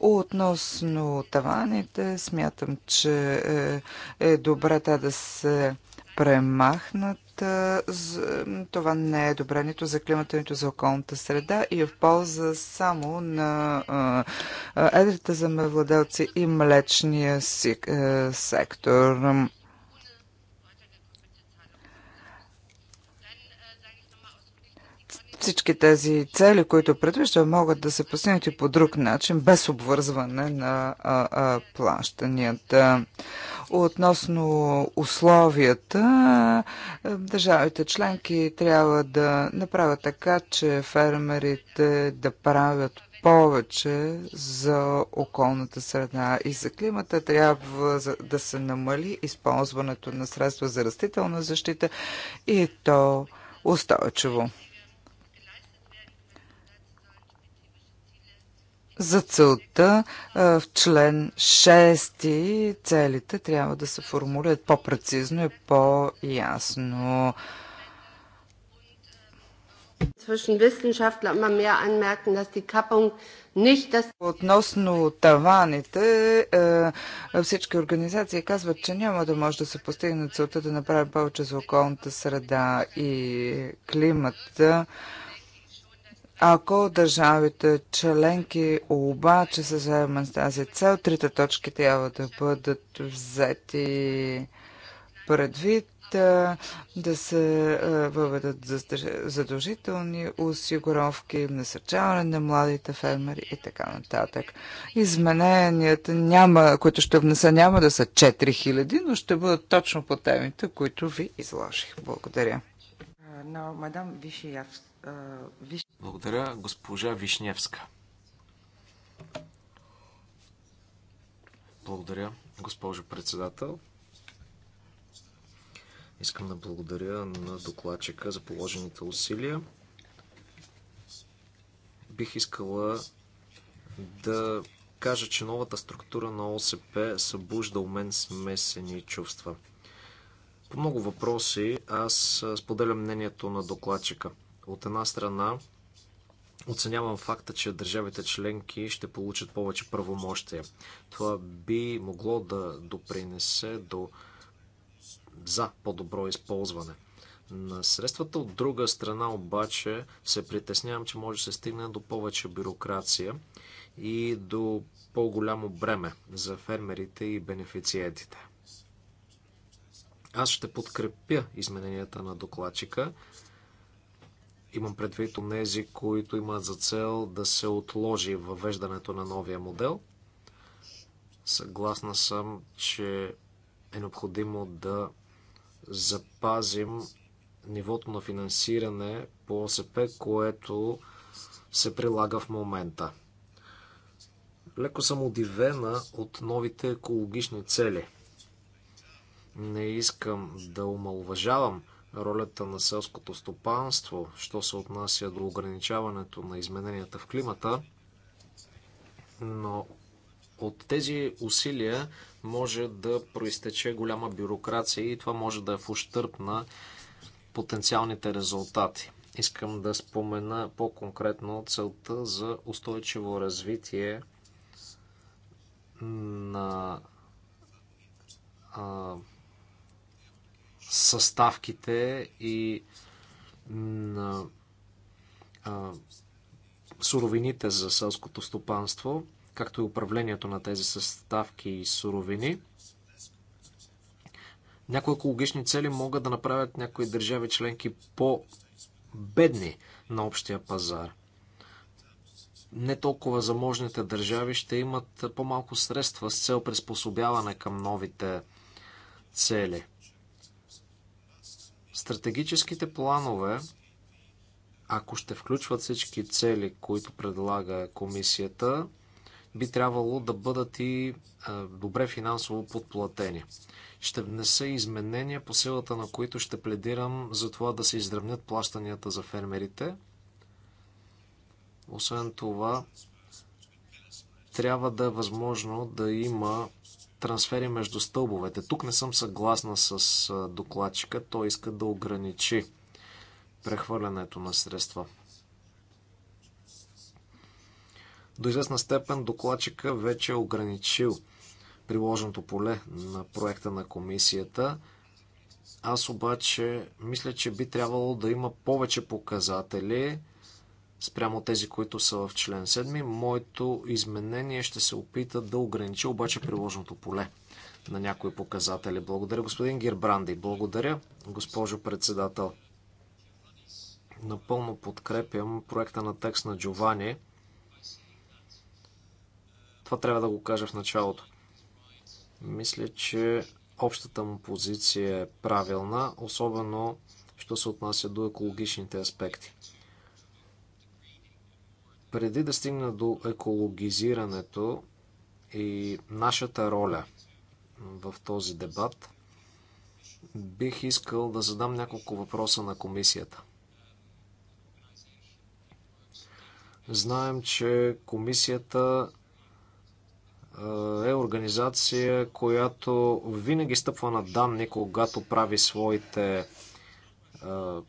Относно таваните, смятам, че е, е добре те да се премахнат. Това не е добре нито за климата, нито за околната среда и е в полза само на едрите земевладелци и млечния е, сектор. Всички тези цели, които предвижда, могат да се постигнат и по друг начин, без обвързване на а, а, плащанията. Относно условията, държавите членки трябва да направят така, че фермерите да правят повече за околната среда и за климата. Трябва да се намали използването на средства за растителна защита и то устойчиво. За целта в член 6 целите трябва да се формулират по-прецизно и по-ясно. Относно таваните, всички организации казват, че няма да може да се постигне целта да направим повече за околната среда и климата. Ако държавите членки обаче се заемат с тази цел, трите точки трябва да бъдат взети предвид да, се въведат задължителни осигуровки, насърчаване на младите фермери и така нататък. Измененията, няма, които ще внеса, няма да са 4000, но ще бъдат точно по темите, които ви изложих. Благодаря на мадам Вишиявска. Благодаря, госпожа Вишневска. Благодаря, госпожо председател. Искам да благодаря на докладчика за положените усилия. Бих искала да кажа, че новата структура на ОСП събужда у мен смесени чувства – по много въпроси аз споделям мнението на докладчика. От една страна, оценявам факта, че държавите членки ще получат повече правомощия. Това би могло да допринесе до за по-добро използване на средствата. От друга страна обаче се притеснявам, че може да се стигне до повече бюрокрация и до по-голямо бреме за фермерите и бенефициентите. Аз ще подкрепя измененията на докладчика. Имам предвид онези, които имат за цел да се отложи въвеждането на новия модел. Съгласна съм, че е необходимо да запазим нивото на финансиране по ОСП, което се прилага в момента. Леко съм удивена от новите екологични цели – не искам да омалуважавам ролята на селското стопанство, що се отнася до ограничаването на измененията в климата, но от тези усилия може да проистече голяма бюрокрация и това може да е в ущърп на потенциалните резултати. Искам да спомена по-конкретно целта за устойчиво развитие на съставките и на а, суровините за селското стопанство, както и управлението на тези съставки и суровини. Някои екологични цели могат да направят някои държави членки по-бедни на общия пазар. Не толкова заможните държави ще имат по-малко средства с цел приспособяване към новите цели. Стратегическите планове, ако ще включват всички цели, които предлага комисията, би трябвало да бъдат и е, добре финансово подплатени. Ще внеса изменения по силата на които ще пледирам за това да се издръвнят плащанията за фермерите. Освен това, трябва да е възможно да има трансфери между стълбовете. Тук не съм съгласна с докладчика. Той иска да ограничи прехвърлянето на средства. До известна степен докладчика вече е ограничил приложеното поле на проекта на комисията. Аз обаче мисля, че би трябвало да има повече показатели, спрямо тези, които са в член 7. Моето изменение ще се опита да ограничи обаче приложното поле на някои показатели. Благодаря, господин Гербранди. Благодаря, госпожо председател. Напълно подкрепям проекта на текст на Джовани. Това трябва да го кажа в началото. Мисля, че общата му позиция е правилна, особено що се отнася до екологичните аспекти. Преди да стигна до екологизирането и нашата роля в този дебат, бих искал да задам няколко въпроса на комисията. Знаем, че комисията е, е организация, която винаги стъпва на данни, когато прави своите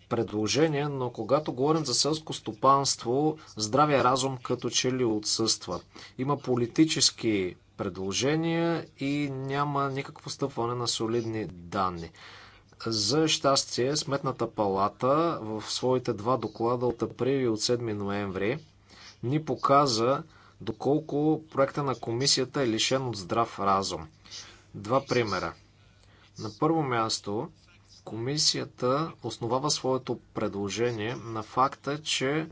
предложения, но когато говорим за селско стопанство, здравия разум като че ли отсъства. Има политически предложения и няма никакво стъпване на солидни данни. За щастие, Сметната палата в своите два доклада от април и от 7 ноември ни показа доколко проекта на комисията е лишен от здрав разум. Два примера. На първо място, Комисията основава своето предложение на факта, че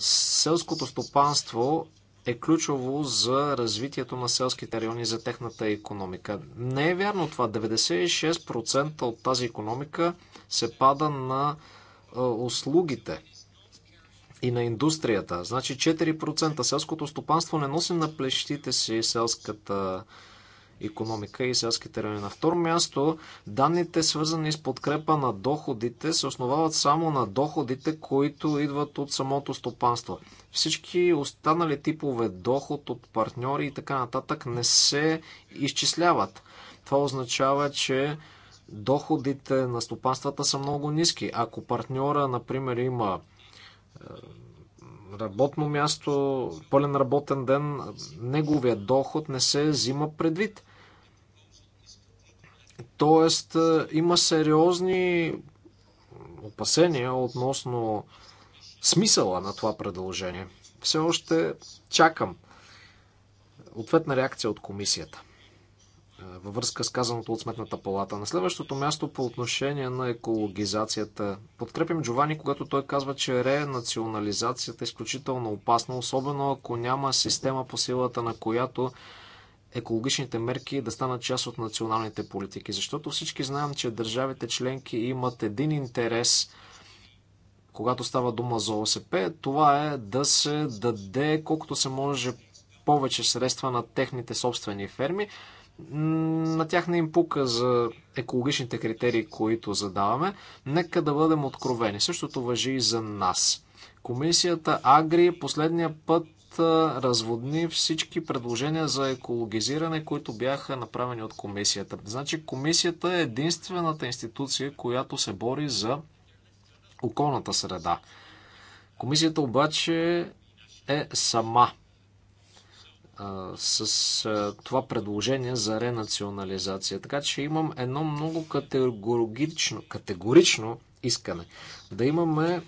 селското стопанство е ключово за развитието на селските райони, за техната економика. Не е вярно това. 96% от тази економика се пада на услугите и на индустрията. Значи 4% селското стопанство не носи на плещите си селската економика економика и селските райони. На второ място, данните свързани с подкрепа на доходите се основават само на доходите, които идват от самото стопанство. Всички останали типове доход от партньори и така нататък не се изчисляват. Това означава, че доходите на стопанствата са много ниски. Ако партньора, например, има е, работно място, пълен работен ден, неговия доход не се взима предвид. Тоест, има сериозни опасения относно смисъла на това предложение. Все още чакам ответна реакция от комисията във връзка с казаното от Сметната палата. На следващото място по отношение на екологизацията. Подкрепим Джовани, когато той казва, че ренационализацията е изключително опасна, особено ако няма система по силата на която екологичните мерки да станат част от националните политики. Защото всички знаем, че държавите членки имат един интерес, когато става дума за ОСП, това е да се даде колкото се може повече средства на техните собствени ферми. На тях не им пука за екологичните критерии, които задаваме. Нека да бъдем откровени. Същото въжи и за нас. Комисията Агри последния път разводни всички предложения за екологизиране, които бяха направени от комисията. Значи комисията е единствената институция, която се бори за околната среда. Комисията обаче е сама с това предложение за ренационализация. Така че имам едно много категорично, категорично искане. Да имаме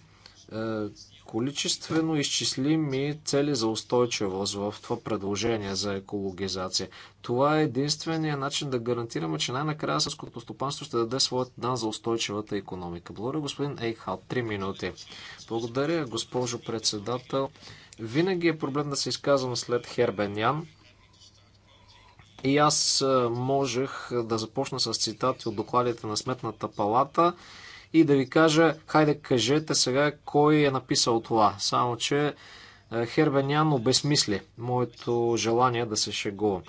количествено изчислими цели за устойчивост в това предложение за екологизация. Това е единствения начин да гарантираме, че най-накрая сърското стопанство ще даде своят дан за устойчивата економика. Благодаря, господин Ейхал. Три минути. Благодаря, госпожо председател. Винаги е проблем да се изказвам след Хербенян. И аз можех да започна с цитати от докладите на Сметната палата и да ви кажа, хайде кажете сега кой е написал това. Само, че е, Хербенян обезмисли моето желание да се шегувам.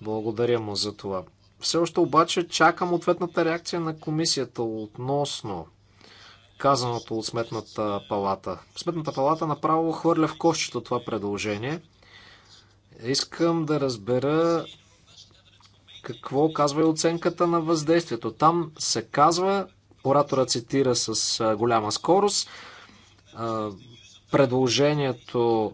Благодаря му за това. Все още обаче чакам ответната реакция на комисията относно казаното от Сметната палата. Сметната палата направо хвърля в кошчето това предложение. Искам да разбера какво казва и оценката на въздействието. Там се казва, Оратора цитира с голяма скорост. Предложението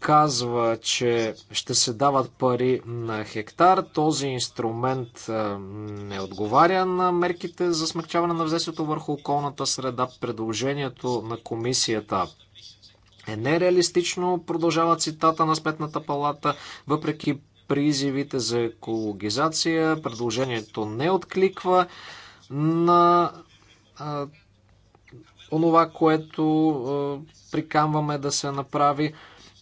казва, че ще се дават пари на хектар. Този инструмент не отговаря на мерките за смягчаване на взесето върху околната среда. Предложението на комисията е нереалистично, продължава цитата на Сметната палата, въпреки призивите за екологизация, предложението не откликва на а, онова, което а, прикамваме да се направи.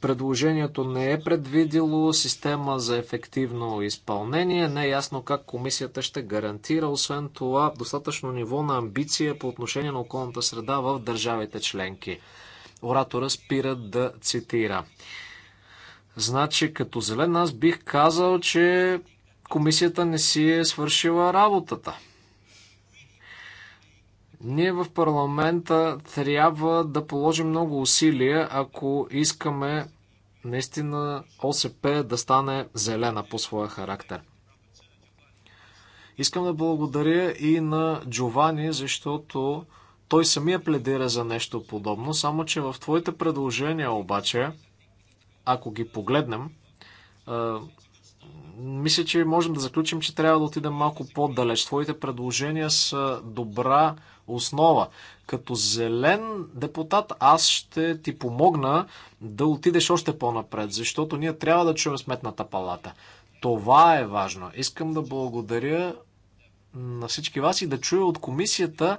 Предложението не е предвидило система за ефективно изпълнение. Не е ясно как комисията ще гарантира, освен това, достатъчно ниво на амбиция по отношение на околната среда в държавите членки. Оратора спира да цитира. Значи, като зелен аз бих казал, че комисията не си е свършила работата. Ние в парламента трябва да положим много усилия, ако искаме наистина ОСП да стане зелена по своя характер. Искам да благодаря и на Джовани, защото той самия пледира за нещо подобно, само че в твоите предложения обаче, ако ги погледнем, мисля, че можем да заключим, че трябва да отидем малко по-далеч. Твоите предложения са добра основа. Като зелен депутат аз ще ти помогна да отидеш още по-напред, защото ние трябва да чуем сметната палата. Това е важно. Искам да благодаря на всички вас и да чуя от комисията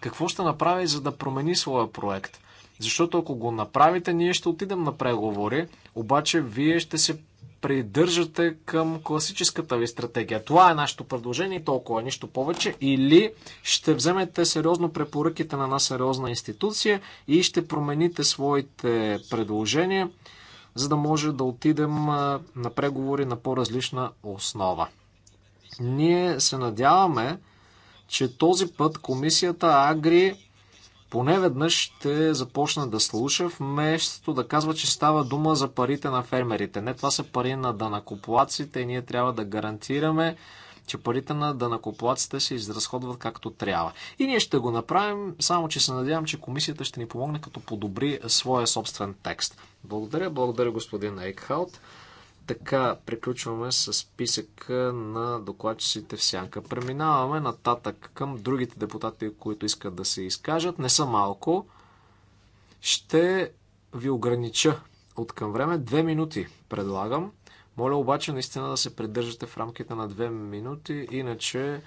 какво ще направи, за да промени своя проект. Защото ако го направите, ние ще отидем на преговори, обаче вие ще се придържате към класическата ви стратегия. Това е нашето предложение и толкова е нищо повече. Или ще вземете сериозно препоръките на една сериозна институция и ще промените своите предложения, за да може да отидем на преговори на по-различна основа. Ние се надяваме, че този път комисията Агри поне веднъж ще започна да слуша, вместо да казва, че става дума за парите на фермерите. Не, това са пари на данакоплаците и ние трябва да гарантираме, че парите на данакоплаците се изразходват както трябва. И ние ще го направим, само че се надявам, че комисията ще ни помогне като подобри своя собствен текст. Благодаря, благодаря господин Ейкхаут. Така, приключваме с списъка на докладчиците в сянка. Преминаваме нататък към другите депутати, които искат да се изкажат. Не са малко. Ще ви огранича от към време. Две минути предлагам. Моля обаче наистина да се придържате в рамките на две минути, иначе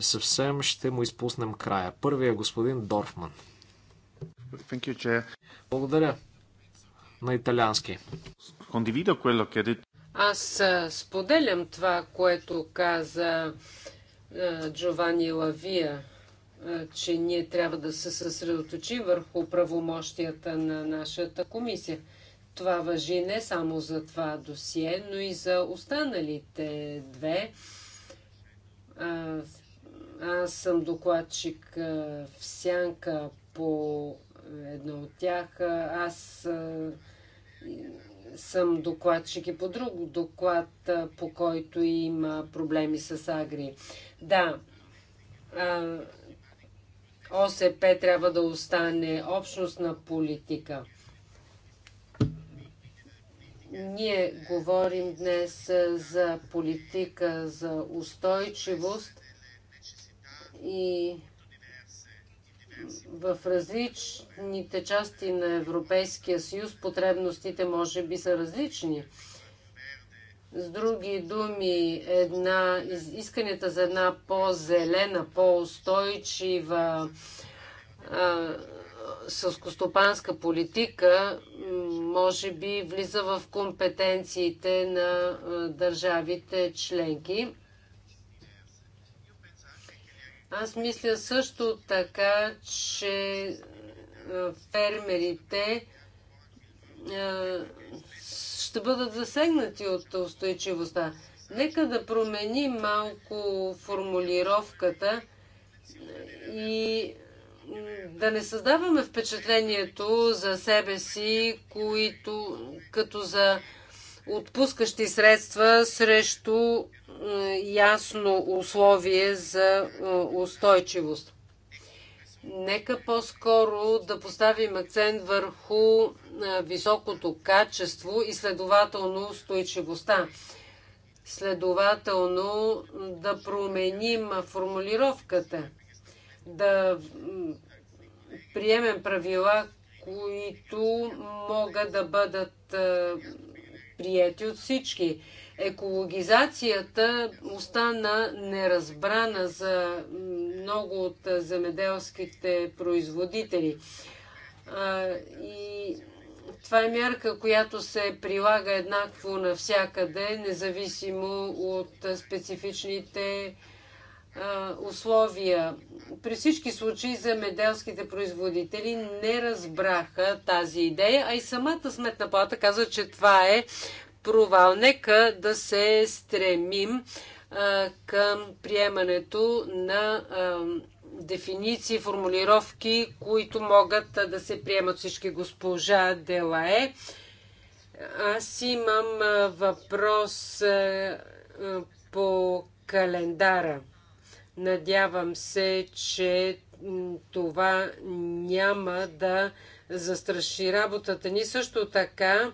съвсем ще му изпуснем края. Първият е господин Дорфман. Благодаря. На италиански. Аз споделям това, което каза Джовани Лавия, че ние трябва да се съсредоточим върху правомощията на нашата комисия. Това въжи не само за това досие, но и за останалите две. Аз съм докладчик в сянка по едно от тях. Аз съм докладчик и по друг доклад, по който има проблеми с Агри. Да, ОСП трябва да остане общностна политика. Ние говорим днес за политика за устойчивост и в различните части на Европейския съюз потребностите може би са различни. С други думи, една, исканията за една по-зелена, по-устойчива сълскостопанска политика може би влиза в компетенциите на а, държавите членки. Аз мисля също така, че фермерите ще бъдат засегнати от устойчивостта. Нека да промени малко формулировката и да не създаваме впечатлението за себе си, които като за отпускащи средства срещу е, ясно условие за е, устойчивост. Нека по-скоро да поставим акцент върху е, високото качество и следователно устойчивостта. Следователно да променим формулировката, да приемем правила, които могат да бъдат прияти от всички. Екологизацията остана неразбрана за много от земеделските производители. И това е мярка, която се прилага еднакво навсякъде, независимо от специфичните условия. При всички случаи земеделските производители не разбраха тази идея, а и самата сметна плата каза, че това е провал. Нека да се стремим а, към приемането на а, дефиниции, формулировки, които могат а, да се приемат всички госпожа Делае. Аз имам въпрос по календара. Надявам се, че това няма да застраши работата ни. Също така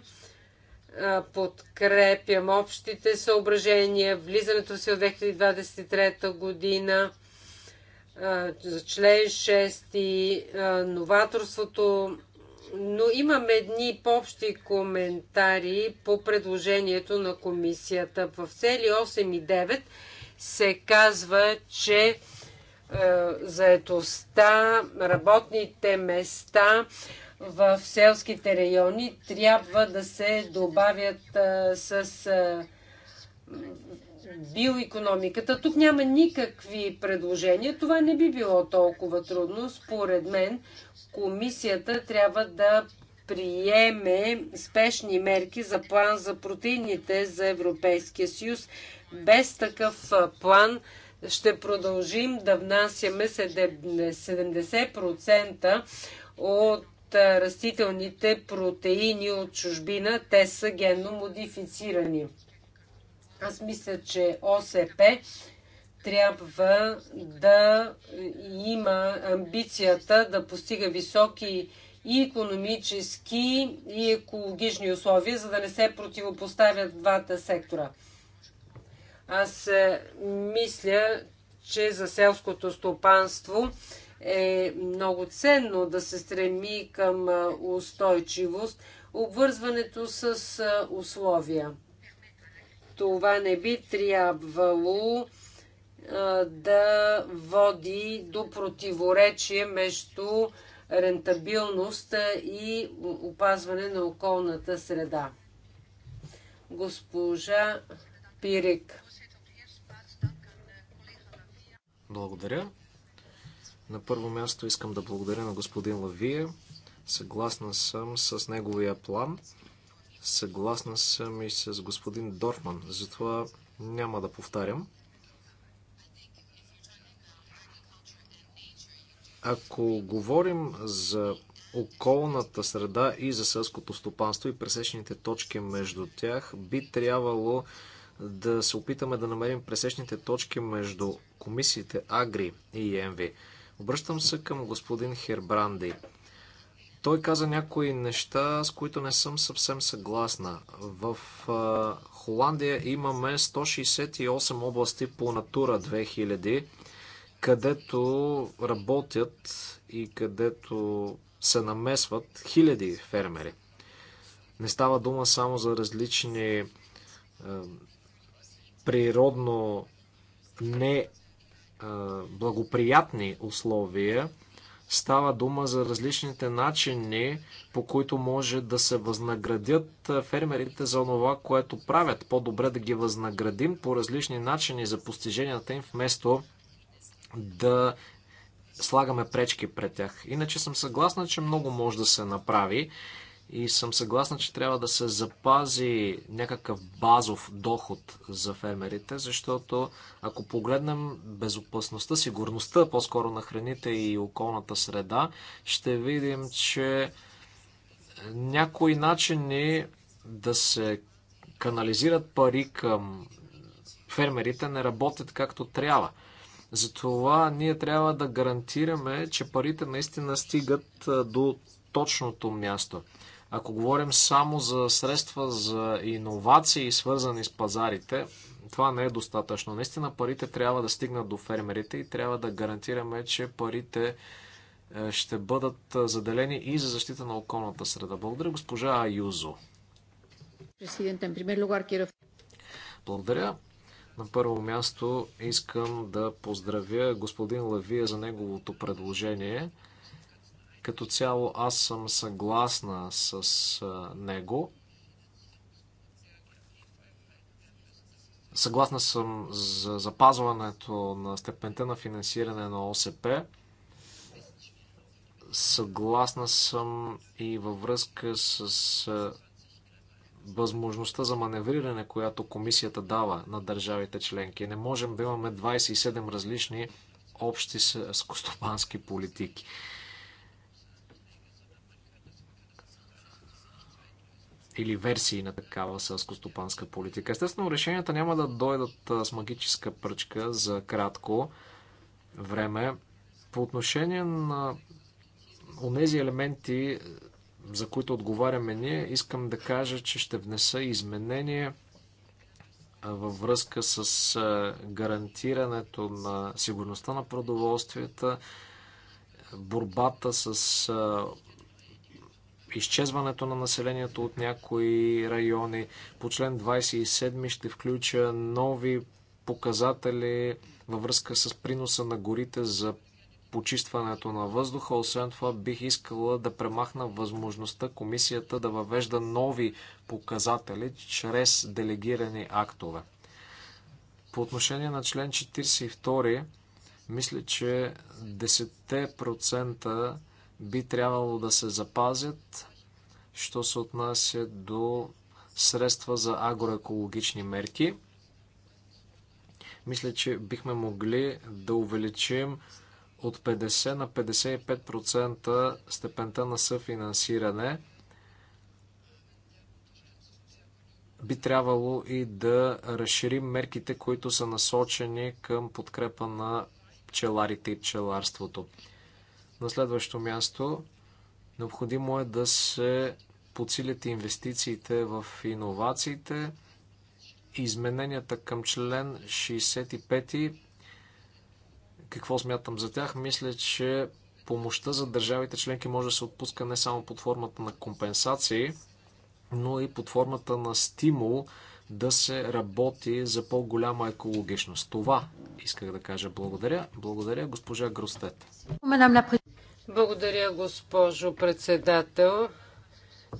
подкрепям общите съображения, влизането си от 2023 година, за член 6, новаторството, но имам едни по-общи коментари по предложението на комисията. В цели 8 и 9 се казва, че заетостта, работните места, в селските райони трябва да се добавят а, с а, биоекономиката. Тук няма никакви предложения. Това не би било толкова трудно. Според мен комисията трябва да приеме спешни мерки за план за протеините за Европейския съюз. Без такъв план ще продължим да внасяме 70% от растителните протеини от чужбина. Те са генно модифицирани. Аз мисля, че ОСП трябва да има амбицията да постига високи и економически, и екологични условия, за да не се противопоставят двата сектора. Аз е, мисля, че за селското стопанство е много ценно да се стреми към устойчивост, обвързването с условия. Това не би трябвало да води до противоречие между рентабилност и опазване на околната среда. Госпожа Пирик. Благодаря. На първо място искам да благодаря на господин Лавия. Съгласна съм с неговия план. Съгласна съм и с господин Дорфман. Затова няма да повтарям. Ако говорим за околната среда и за селското стопанство и пресечните точки между тях, би трябвало да се опитаме да намерим пресечните точки между комисиите Агри и ЕМВИ. Обръщам се към господин Хербранди. Той каза някои неща, с които не съм съвсем съгласна. В Холандия имаме 168 области по Натура 2000, където работят и където се намесват хиляди фермери. Не става дума само за различни природно не благоприятни условия. Става дума за различните начини, по които може да се възнаградят фермерите за това, което правят. По-добре да ги възнаградим по различни начини за постиженията им, вместо да слагаме пречки пред тях. Иначе съм съгласна, че много може да се направи и съм съгласна, че трябва да се запази някакъв базов доход за фермерите, защото ако погледнем безопасността, сигурността по-скоро на храните и околната среда, ще видим, че някои начини да се канализират пари към фермерите не работят както трябва. Затова ние трябва да гарантираме, че парите наистина стигат до точното място. Ако говорим само за средства за иновации, свързани с пазарите, това не е достатъчно. Наистина парите трябва да стигнат до фермерите и трябва да гарантираме, че парите е, ще бъдат е, заделени и за защита на околната среда. Благодаря, госпожа Аюзо. Благодаря. На първо място искам да поздравя господин Лавия за неговото предложение. Като цяло аз съм съгласна с него. Съгласна съм за запазването на степента на финансиране на ОСП. Съгласна съм и във връзка с възможността за маневриране, която комисията дава на държавите членки. Не можем да имаме 27 различни общи скостопански политики. или версии на такава селско-стопанска политика. Естествено, решенията няма да дойдат с магическа пръчка за кратко време. По отношение на онези елементи, за които отговаряме ние, искам да кажа, че ще внеса изменения във връзка с гарантирането на сигурността на продоволствията, борбата с изчезването на населението от някои райони. По член 27 ще включа нови показатели във връзка с приноса на горите за почистването на въздуха. Освен това бих искала да премахна възможността комисията да въвежда нови показатели чрез делегирани актове. По отношение на член 42, мисля, че 10% би трябвало да се запазят, що се отнася до средства за агроекологични мерки. Мисля, че бихме могли да увеличим от 50 на 55% степента на съфинансиране. Би трябвало и да разширим мерките, които са насочени към подкрепа на пчеларите и пчеларството. На следващо място, необходимо е да се подсилят инвестициите в иновациите. Измененията към член 65, какво смятам за тях? Мисля, че помощта за държавите членки може да се отпуска не само под формата на компенсации, но и под формата на стимул да се работи за по-голяма екологичност. Това исках да кажа. Благодаря. Благодаря, госпожа Гростет. Благодаря, госпожо председател.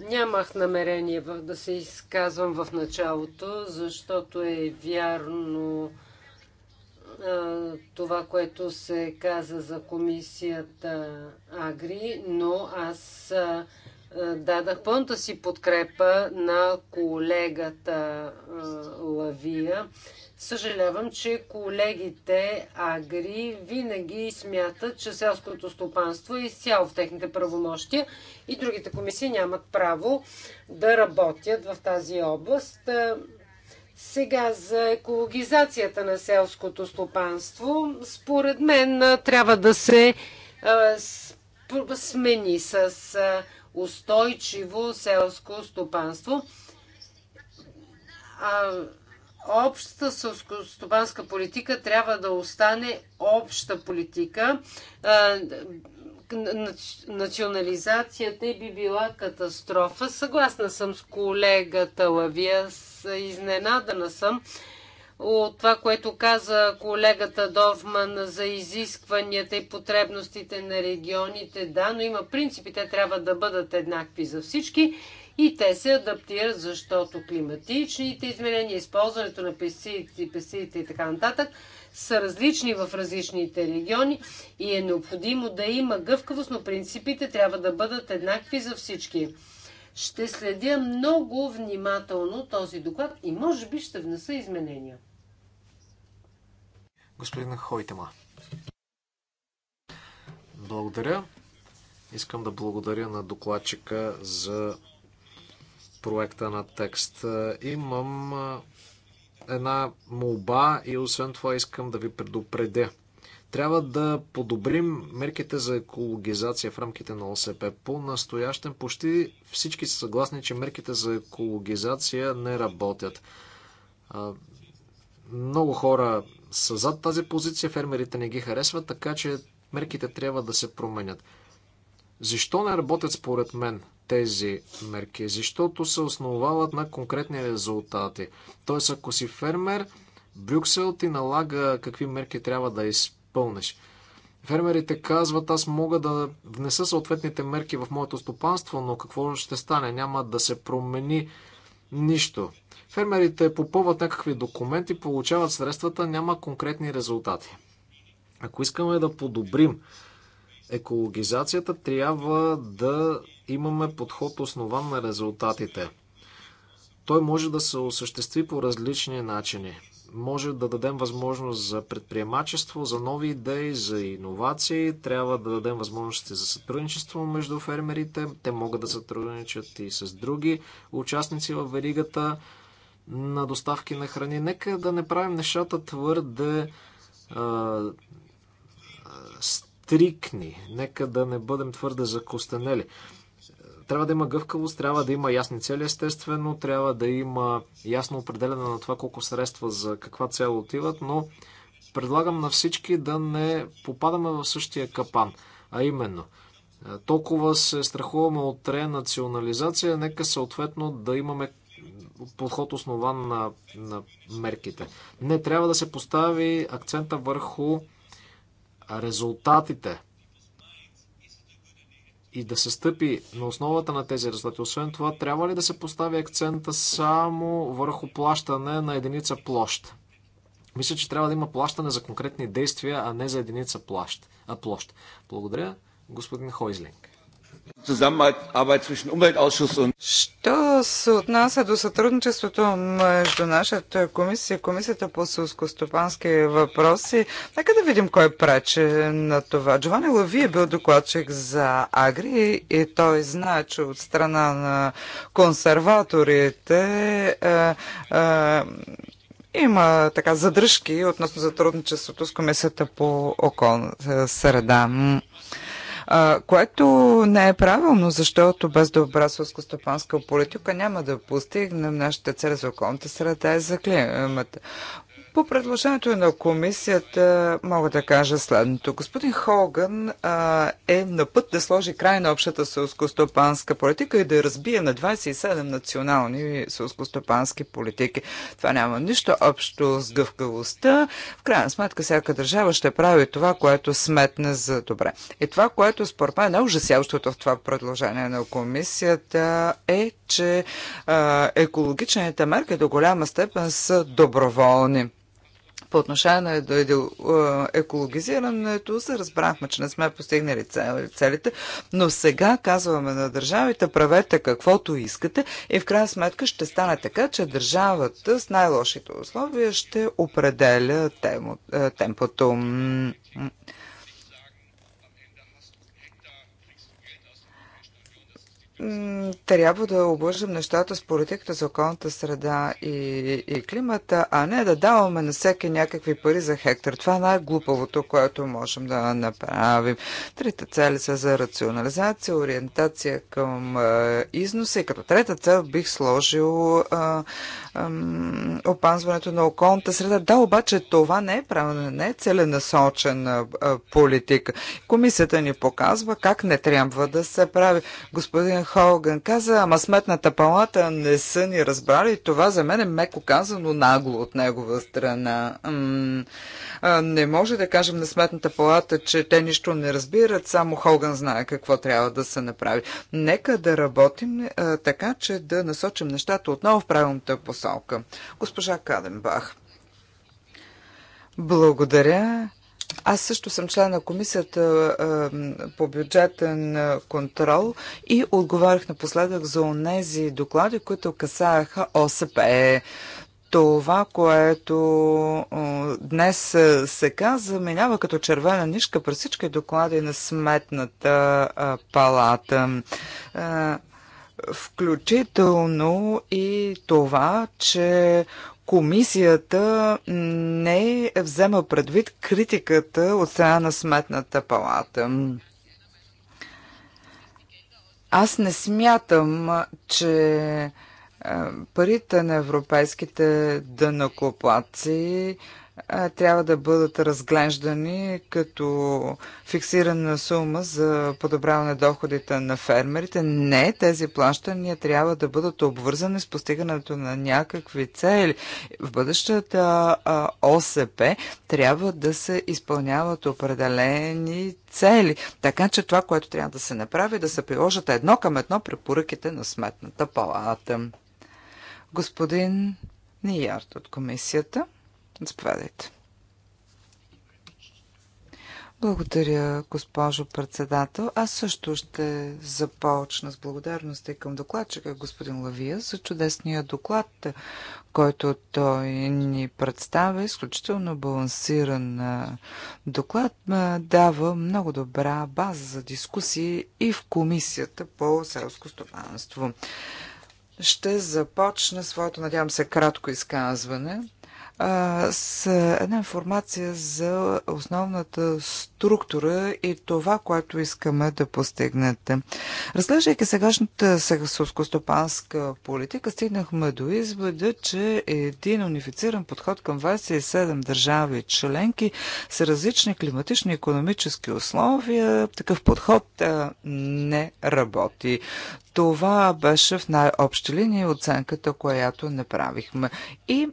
Нямах намерение да се изказвам в началото, защото е вярно това, което се каза за комисията Агри, но аз дадах пълната си подкрепа на колегата Лавия. Съжалявам, че колегите агри винаги смятат, че селското стопанство е изцяло в техните правомощия и другите комисии нямат право да работят в тази област. Е, сега за екологизацията на селското стопанство, според мен е, трябва да се е, смени с устойчиво селско стопанство. Общата сълскостопанска политика трябва да остане обща политика. Национализацията би била катастрофа. Съгласна съм с колегата Лавия. Изненадана съм от това, което каза колегата Довман за изискванията и потребностите на регионите. Да, но има принципи. Те трябва да бъдат еднакви за всички и те се адаптират, защото климатичните изменения, използването на пестицидите, пестицидите и така нататък са различни в различните региони и е необходимо да има гъвкавост, но принципите трябва да бъдат еднакви за всички. Ще следя много внимателно този доклад и може би ще внеса изменения. Господин Хойтема. Благодаря. Искам да благодаря на докладчика за проекта на текст. Имам една молба и освен това искам да ви предупредя. Трябва да подобрим мерките за екологизация в рамките на ОСП. По настоящен почти всички са съгласни, че мерките за екологизация не работят. Много хора са зад тази позиция, фермерите не ги харесват, така че мерките трябва да се променят. Защо не работят според мен тези мерки, защото се основават на конкретни резултати. Тоест, ако си фермер, Брюксел ти налага какви мерки трябва да изпълниш. Фермерите казват, аз мога да внеса съответните мерки в моето стопанство, но какво ще стане? Няма да се промени нищо. Фермерите попълват някакви документи, получават средствата, няма конкретни резултати. Ако искаме да подобрим екологизацията, трябва да имаме подход основан на резултатите. Той може да се осъществи по различни начини. Може да дадем възможност за предприемачество, за нови идеи, за иновации. Трябва да дадем възможности за сътрудничество между фермерите. Те могат да сътрудничат и с други участници в веригата на доставки на храни. Нека да не правим нещата твърде а, стрикни. Нека да не бъдем твърде закостенели. Трябва да има гъвкавост, трябва да има ясни цели, естествено, трябва да има ясно определено на това колко средства за каква цел отиват, но предлагам на всички да не попадаме в същия капан, а именно е, толкова се страхуваме от ренационализация, нека съответно да имаме подход основан на, на мерките. Не, трябва да се постави акцента върху резултатите, и да се стъпи на основата на тези резултати. Освен това, трябва ли да се постави акцента само върху плащане на единица площ? Мисля, че трябва да има плащане за конкретни действия, а не за единица площ. Благодаря, господин Хойзлинг. Що се отнася до сътрудничеството между нашата комисия и комисията по сълскостопански въпроси, нека да видим кой е прече на това. Джовани Лави е бил докладчик за Агри и той знае, че от страна на консерваторите е, е, има така задръжки относно сътрудничеството с комисията по околна среда а, което не е правилно, защото без добра стопанска политика няма да постигнем нашите цели за околната среда и за климата. По предложението на комисията мога да кажа следното. Господин Хоган а, е на път да сложи край на общата селскостопанска политика и да разбие на 27 национални селскостопански политики. Това няма нищо общо с гъвкавостта. В крайна сметка всяка държава ще прави това, което сметне за добре. И това, което според мен е най-ужасяващото в това предложение на комисията е, че а, екологичните мерки до голяма степен са доброволни по отношение на е, екологизирането се разбрахме, че не сме постигнали целите, но сега казваме на държавите, правете каквото искате и в крайна сметка ще стане така, че държавата с най-лошите условия ще определя е, темпото. трябва да обвържем нещата с политиката за околната среда и, и климата, а не да даваме на всеки някакви пари за хектар. Това е най-глупавото, което можем да направим. Трите цели са за рационализация, ориентация към е, износа и като трета цел бих сложил е, е, опазването на околната среда. Да, обаче това не е правилно, не е целенасочена е, политика. Комисията ни показва как не трябва да се прави. Господин Холган каза, ама сметната палата не са ни разбрали. Това за мен е меко казано нагло от негова страна. М не може да кажем на сметната палата, че те нищо не разбират, само Холган знае какво трябва да се направи. Нека да работим а, така, че да насочим нещата отново в правилната посолка. Госпожа Каденбах. Благодаря. Аз също съм член на комисията по бюджетен контрол и отговарях напоследък за онези доклади, които касаяха ОСП. Е. Това, което днес се каза, минава като червена нишка през всички доклади на сметната палата включително и това, че комисията не взема предвид критиката от страна на Сметната палата. Аз не смятам, че е, парите на европейските дънакоплаци трябва да бъдат разглеждани като фиксирана сума за подобряване доходите на фермерите. Не, тези плащания трябва да бъдат обвързани с постигането на някакви цели. В бъдещата ОСП трябва да се изпълняват определени цели. Така че това, което трябва да се направи, е да се приложат едно към едно препоръките на Сметната палата. Господин Ниярд от комисията. Заповядайте. Благодаря, госпожо председател. Аз също ще започна с благодарности към докладчика господин Лавия за чудесния доклад, който той ни представя. Изключително балансиран доклад дава много добра база за дискусии и в комисията по селско стопанство. Ще започна своето, надявам се, кратко изказване с една информация за основната структура и това, което искаме да постигнете. Разглеждайки сегашната сегасовско-стопанска политика, стигнахме до извода, че един унифициран подход към 27 държави членки с различни климатични и економически условия, такъв подход а, не работи. Това беше в най-общи линии оценката, която направихме. И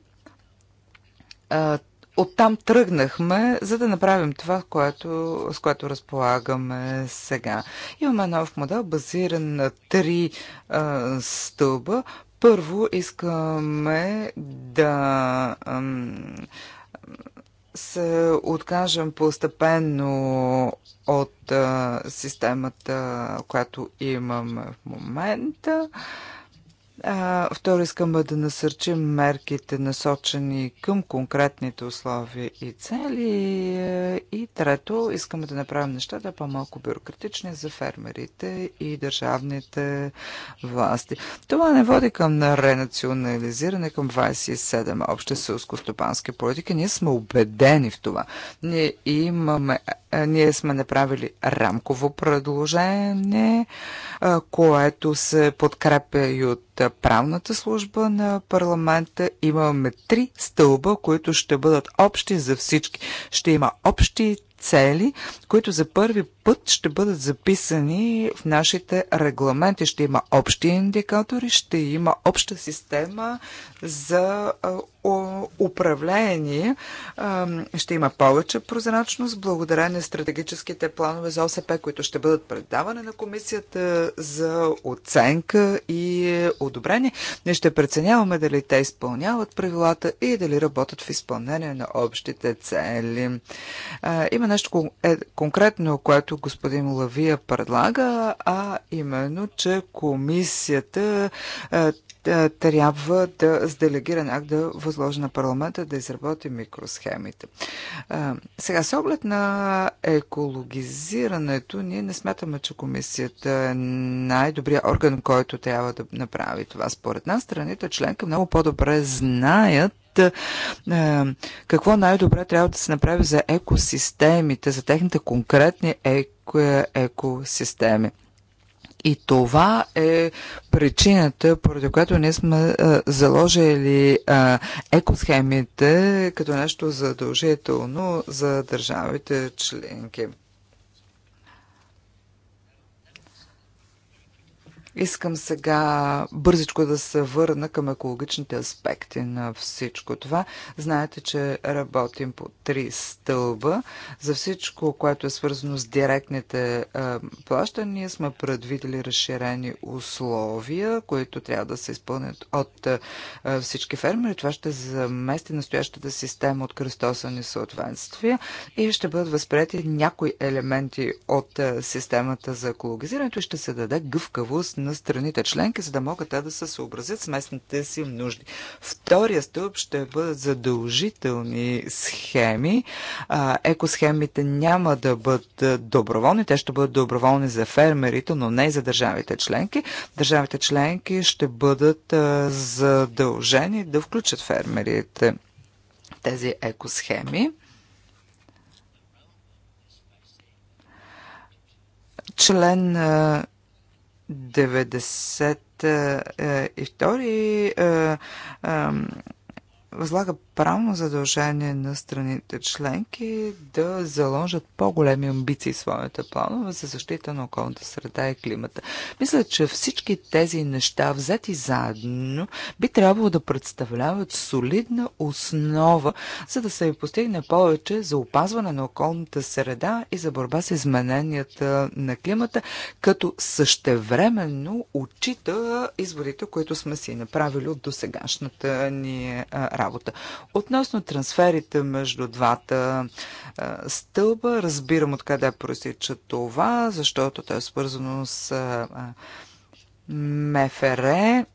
Оттам тръгнахме, за да направим това, което, с което разполагаме сега. Имаме нов модел, базиран на три а, стълба. Първо искаме да. а, се откажем постепенно от а, системата, която имаме в момента. А, а, второ, искаме да насърчим мерките, насочени към конкретните условия и цели. И трето, искаме да направим нещата е по-малко бюрократични за фермерите и държавните власти. Това не води към ренационализиране към 27 общи селско-стопански политики. Ние сме убедени в това. Ние имаме ние сме направили рамково предложение, което се подкрепя и от правната служба на парламента имаме три стълба, които ще бъдат общи за всички. Ще има общи цели, които за първи път ще бъдат записани в нашите регламенти. Ще има общи индикатори, ще има обща система за управление. Ще има повече прозрачност благодарение на стратегическите планове за ОСП, които ще бъдат предаване на комисията за оценка и одобрение. Ние ще преценяваме дали те изпълняват правилата и дали работят в изпълнение на общите цели. Има нещо е, конкретно, което което господин Лавия предлага, а именно, че комисията е, е, трябва да с делегиран акт да възложи на парламента да изработи микросхемите. Е, сега, с оглед на екологизирането, ние не смятаме, че комисията е най-добрият орган, който трябва да направи това. Според нас, страните членка много по-добре знаят е, какво най-добре трябва да се направи за екосистемите, за техните конкретни еко, екосистеми. И това е причината, поради която ние сме а, е, заложили а, е, екосхемите като нещо задължително за държавите членки. Искам сега бързичко да се върна към екологичните аспекти на всичко това. Знаете, че работим по три стълба. За всичко, което е свързано с директните плащания, сме предвидели разширени условия, които трябва да се изпълнят от всички фермери. Това ще замести настоящата система от кръстосани съответствия и ще бъдат възприяти някои елементи от системата за екологизирането и ще се даде гъвкавост на страните членки, за да могат те да се съобразят с местните си нужди. Втория стълб ще бъдат задължителни схеми. Екосхемите няма да бъдат доброволни, те ще бъдат доброволни за фермерите, но не и за държавите членки. Държавите членки ще бъдат задължени да включат фермерите тези екосхеми. Член 92 е, е, е, възлага правно задължение на страните членки да заложат по-големи амбиции в своите планове за защита на околната среда и климата. Мисля, че всички тези неща, взети заедно, би трябвало да представляват солидна основа, за да се постигне повече за опазване на околната среда и за борба с измененията на климата, като същевременно отчита изводите, които сме си направили от досегашната ни работа. Относно трансферите между двата стълба, разбирам откъде проистича това, защото то е свързано с МФР.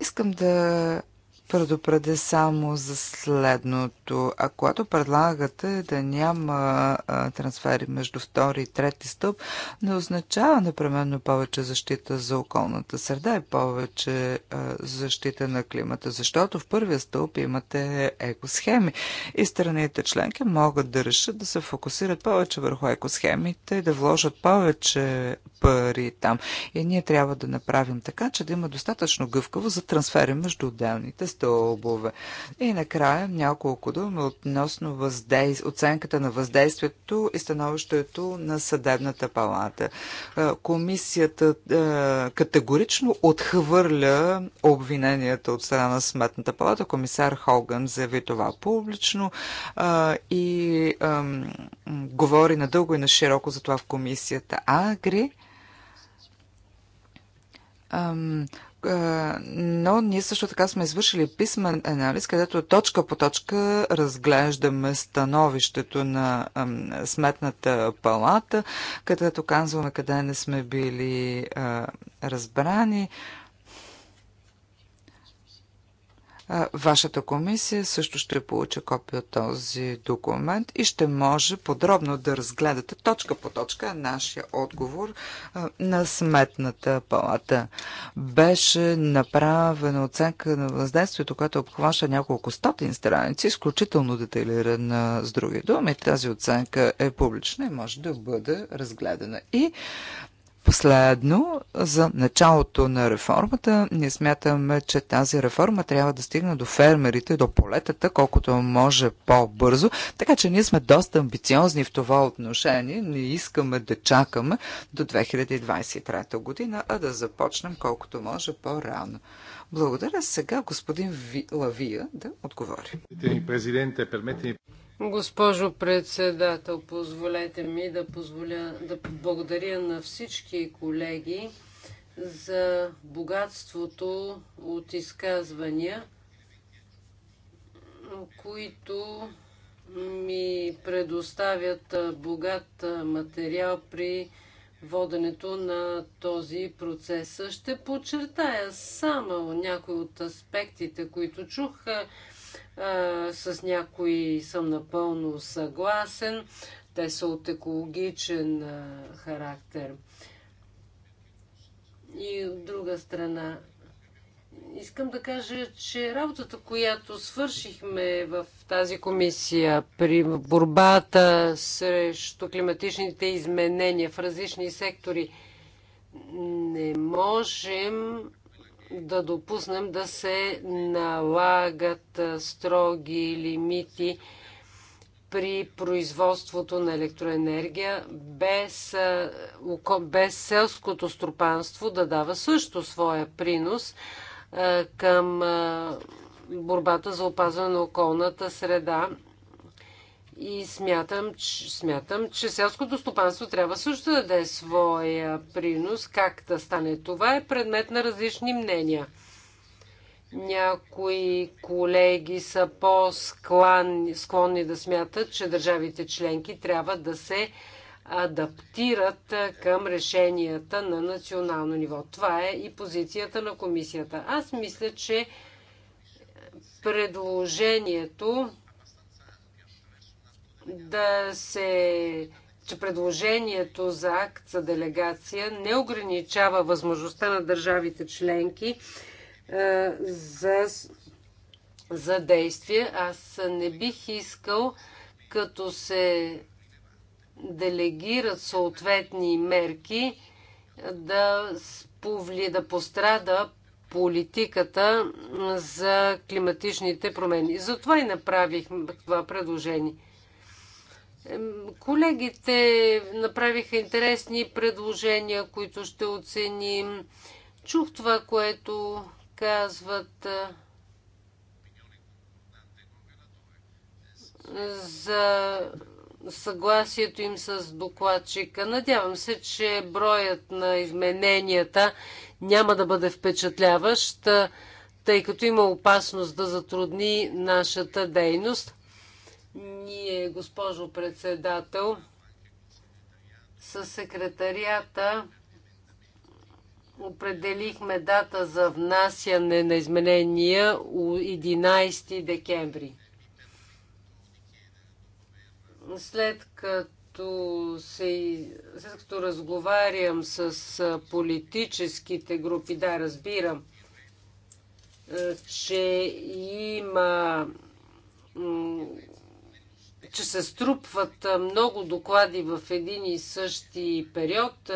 Искам да предупредя само за следното. А когато предлагате да няма а, трансфери между втори и трети стъп, не означава непременно повече защита за околната среда и повече а, защита на климата, защото в първия стълб имате екосхеми и страните членки могат да решат да се фокусират повече върху екосхемите и да вложат повече пари там. И ние трябва да направим така, че да има достатъчно гъвкаво за трансфери между отделните стълбове. И накрая няколко думи относно въздейс... оценката на въздействието и становището на съдебната палата. Комисията категорично отхвърля обвиненията от страна на сметната палата. Комисар Холган заяви това публично и говори надълго и на широко за това в комисията Агри. Е, но ние също така сме извършили писмен анализ, където точка по точка разглеждаме становището на Сметната палата, където казваме къде не сме били е, разбрани. Вашата комисия също ще получи копия от този документ и ще може подробно да разгледате точка по точка нашия отговор на сметната палата. Беше направена оценка на въздействието, което обхваща няколко стотин страници, изключително детайлирана с други думи. Тази оценка е публична и може да бъде разгледана. И Последно, за началото на реформата, ние смятаме, че тази реформа трябва да стигне до фермерите, до полетата, колкото може по-бързо. Така че ние сме доста амбициозни в това отношение. Не искаме да чакаме до 2023 година, а да започнем колкото може по-рано. Благодаря сега господин Лавия да отговори. Президенте, Госпожо председател, позволете ми да, позволя, да благодаря на всички колеги за богатството от изказвания, които ми предоставят богат материал при воденето на този процес. Ще подчертая само някои от аспектите, които чух. С някои съм напълно съгласен. Те са от екологичен характер. И от друга страна, искам да кажа, че работата, която свършихме в тази комисия при борбата срещу климатичните изменения в различни сектори, не можем да допуснем да се налагат строги лимити при производството на електроенергия, без, без селското стопанство да дава също своя принос към борбата за опазване на околната среда и смятам, че, смятам, че селското стопанство трябва също да даде своя принос. Как да стане това е предмет на различни мнения. Някои колеги са по-склонни да смятат, че държавите членки трябва да се адаптират към решенията на национално ниво. Това е и позицията на комисията. Аз мисля, че предложението да се че предложението за акт за делегация не ограничава възможността на държавите членки е, за, за действие. Аз не бих искал, като се делегират съответни мерки, да, повли, да пострада политиката за климатичните промени. Затова и направих това предложение. Колегите направиха интересни предложения, които ще оценим. Чух това, което казват е, за съгласието им с докладчика. Надявам се, че броят на измененията няма да бъде впечатляващ, е, тъй като има опасност да затрудни нашата дейност. Ние, госпожо председател, със секретарията определихме дата за внасяне на изменения 11 декември. След като, се, след като разговарям с политическите групи, да, разбирам, че има че се струпват много доклади в един и същи период,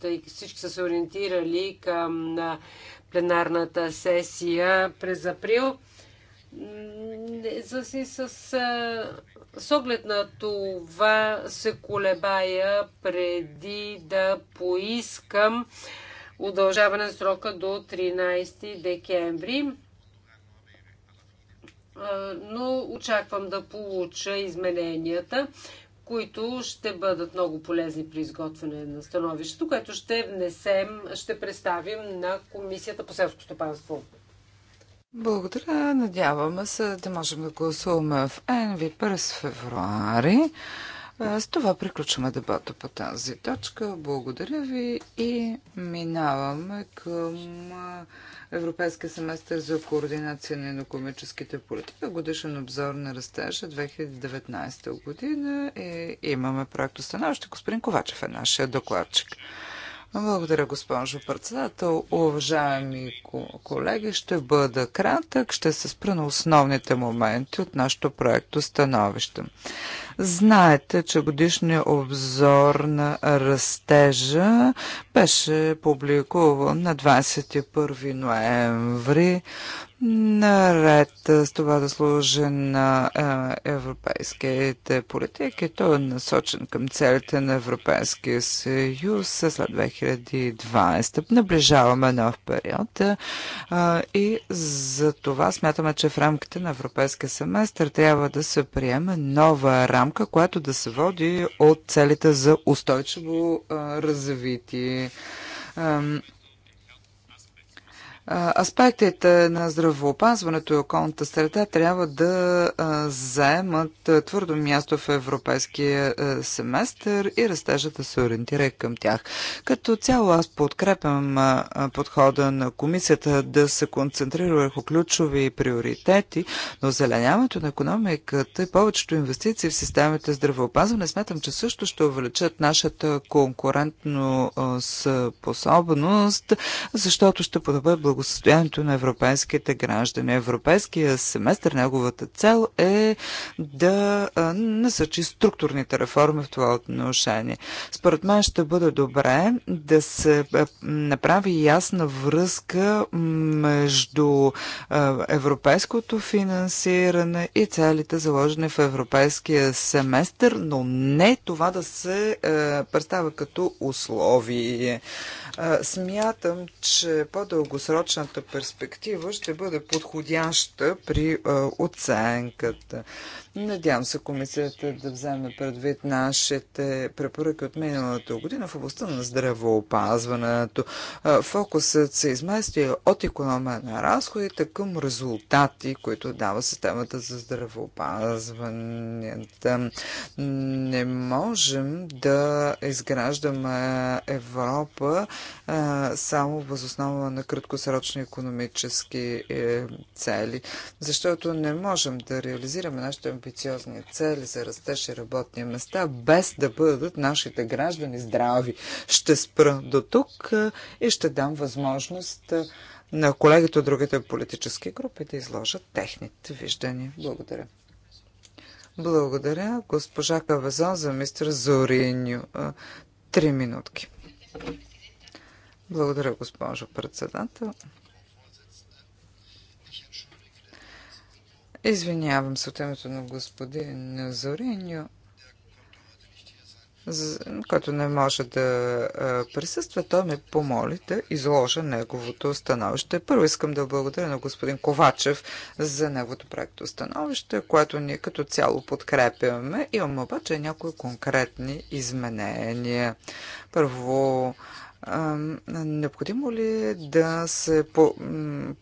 тъй всички са се ориентирали към пленарната сесия през април. За си с, с оглед на това се колебая преди да поискам удължаване срока до 13 декември но очаквам да получа измененията, които ще бъдат много полезни при изготвяне на становището, което ще внесем, ще представим на Комисията по селско стопанство. Благодаря. Надяваме се да можем да гласуваме в ЕНВИ през февруари. С това приключваме дебата по тази точка. Благодаря ви и минаваме към Европейския семестър за координация на економическите политика, годишен обзор на растежа 2019 година. И имаме проекто становище. Господин Ковачев е нашия докладчик. Благодаря, госпожо председател. Уважаеми колеги, ще бъда кратък. Ще се спра на основните моменти от нашото проекто становище. Знаете, че годишният обзор на растежа беше публикуван на 21 ноември наред с това да служи на европейските политики. Той е насочен към целите на Европейския съюз след 2020. Наближаваме нов период и за това смятаме, че в рамките на Европейския семестър трябва да се приеме нова рамка, която да се води от целите за устойчиво развитие. Аспектите на здравоопазването и околната среда трябва да заемат твърдо място в европейския семестър и растежа да се ориентира към тях. Като цяло аз подкрепям подхода на комисията да се концентрира върху ключови приоритети, но зеленяването на економиката и повечето инвестиции в системите здравеопазване смятам, че също ще увеличат нашата конкурентно способност, защото ще подобрят благосостоянието на европейските граждани. Европейския семестър, неговата цел е да насъчи структурните реформи в това отношение. Според мен ще бъде добре да се направи ясна връзка между европейското финансиране и целите заложени в европейския семестър, но не това да се представя като условие. Смятам, че по-дългосрочната перспектива ще бъде подходяща при оценката. Надявам се комисията да вземе предвид нашите препоръки от миналата година в областта на здравеопазването. Фокусът се измести от економия на разходите към резултати, които дава системата за здравеопазването. Не можем да изграждаме Европа само възоснова на краткосрочни економически е, цели, защото не можем да реализираме нашите амбициозни цели за растеж и работни места, без да бъдат нашите граждани здрави. Ще спра до тук и ще дам възможност на колегите от другите политически групи да изложат техните виждания. Благодаря. Благодаря, госпожа Кавазон, за мистер Зориньо. Три минутки. Благодаря, госпожо председател. Извинявам се от името на господин Зориньо, който не може да присъства. Той ме помоли да изложа неговото становище. Първо искам да благодаря на господин Ковачев за неговото проекто становище, което ние като цяло подкрепяме. Имам обаче някои конкретни изменения. Първо, Необходимо ли е да се по,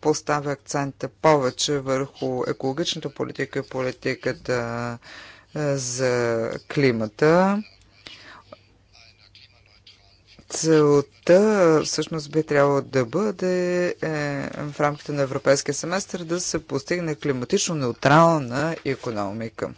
поставя акцента повече върху екологичната политика и политиката за климата? Целта всъщност би трябвало да бъде е, в рамките на европейския семестър да се постигне климатично неутрална економика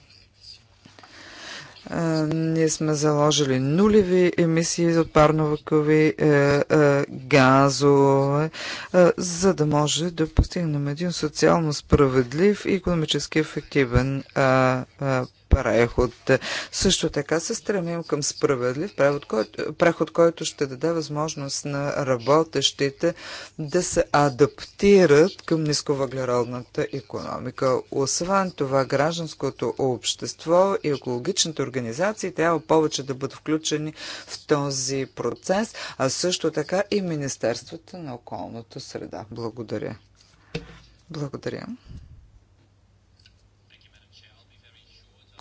ние сме заложили нулеви емисии от парновакови е, е, газове, е, за да може да постигнем един социално справедлив и економически ефективен е, е, преход. Също така се стремим към справедлив преход, който, преход, който ще даде възможност на работещите да се адаптират към нисковъглеродната економика. Освен това, гражданското общество и екологичните организации трябва повече да бъдат включени в този процес, а също така и Министерствата на околната среда. Благодаря. Благодаря.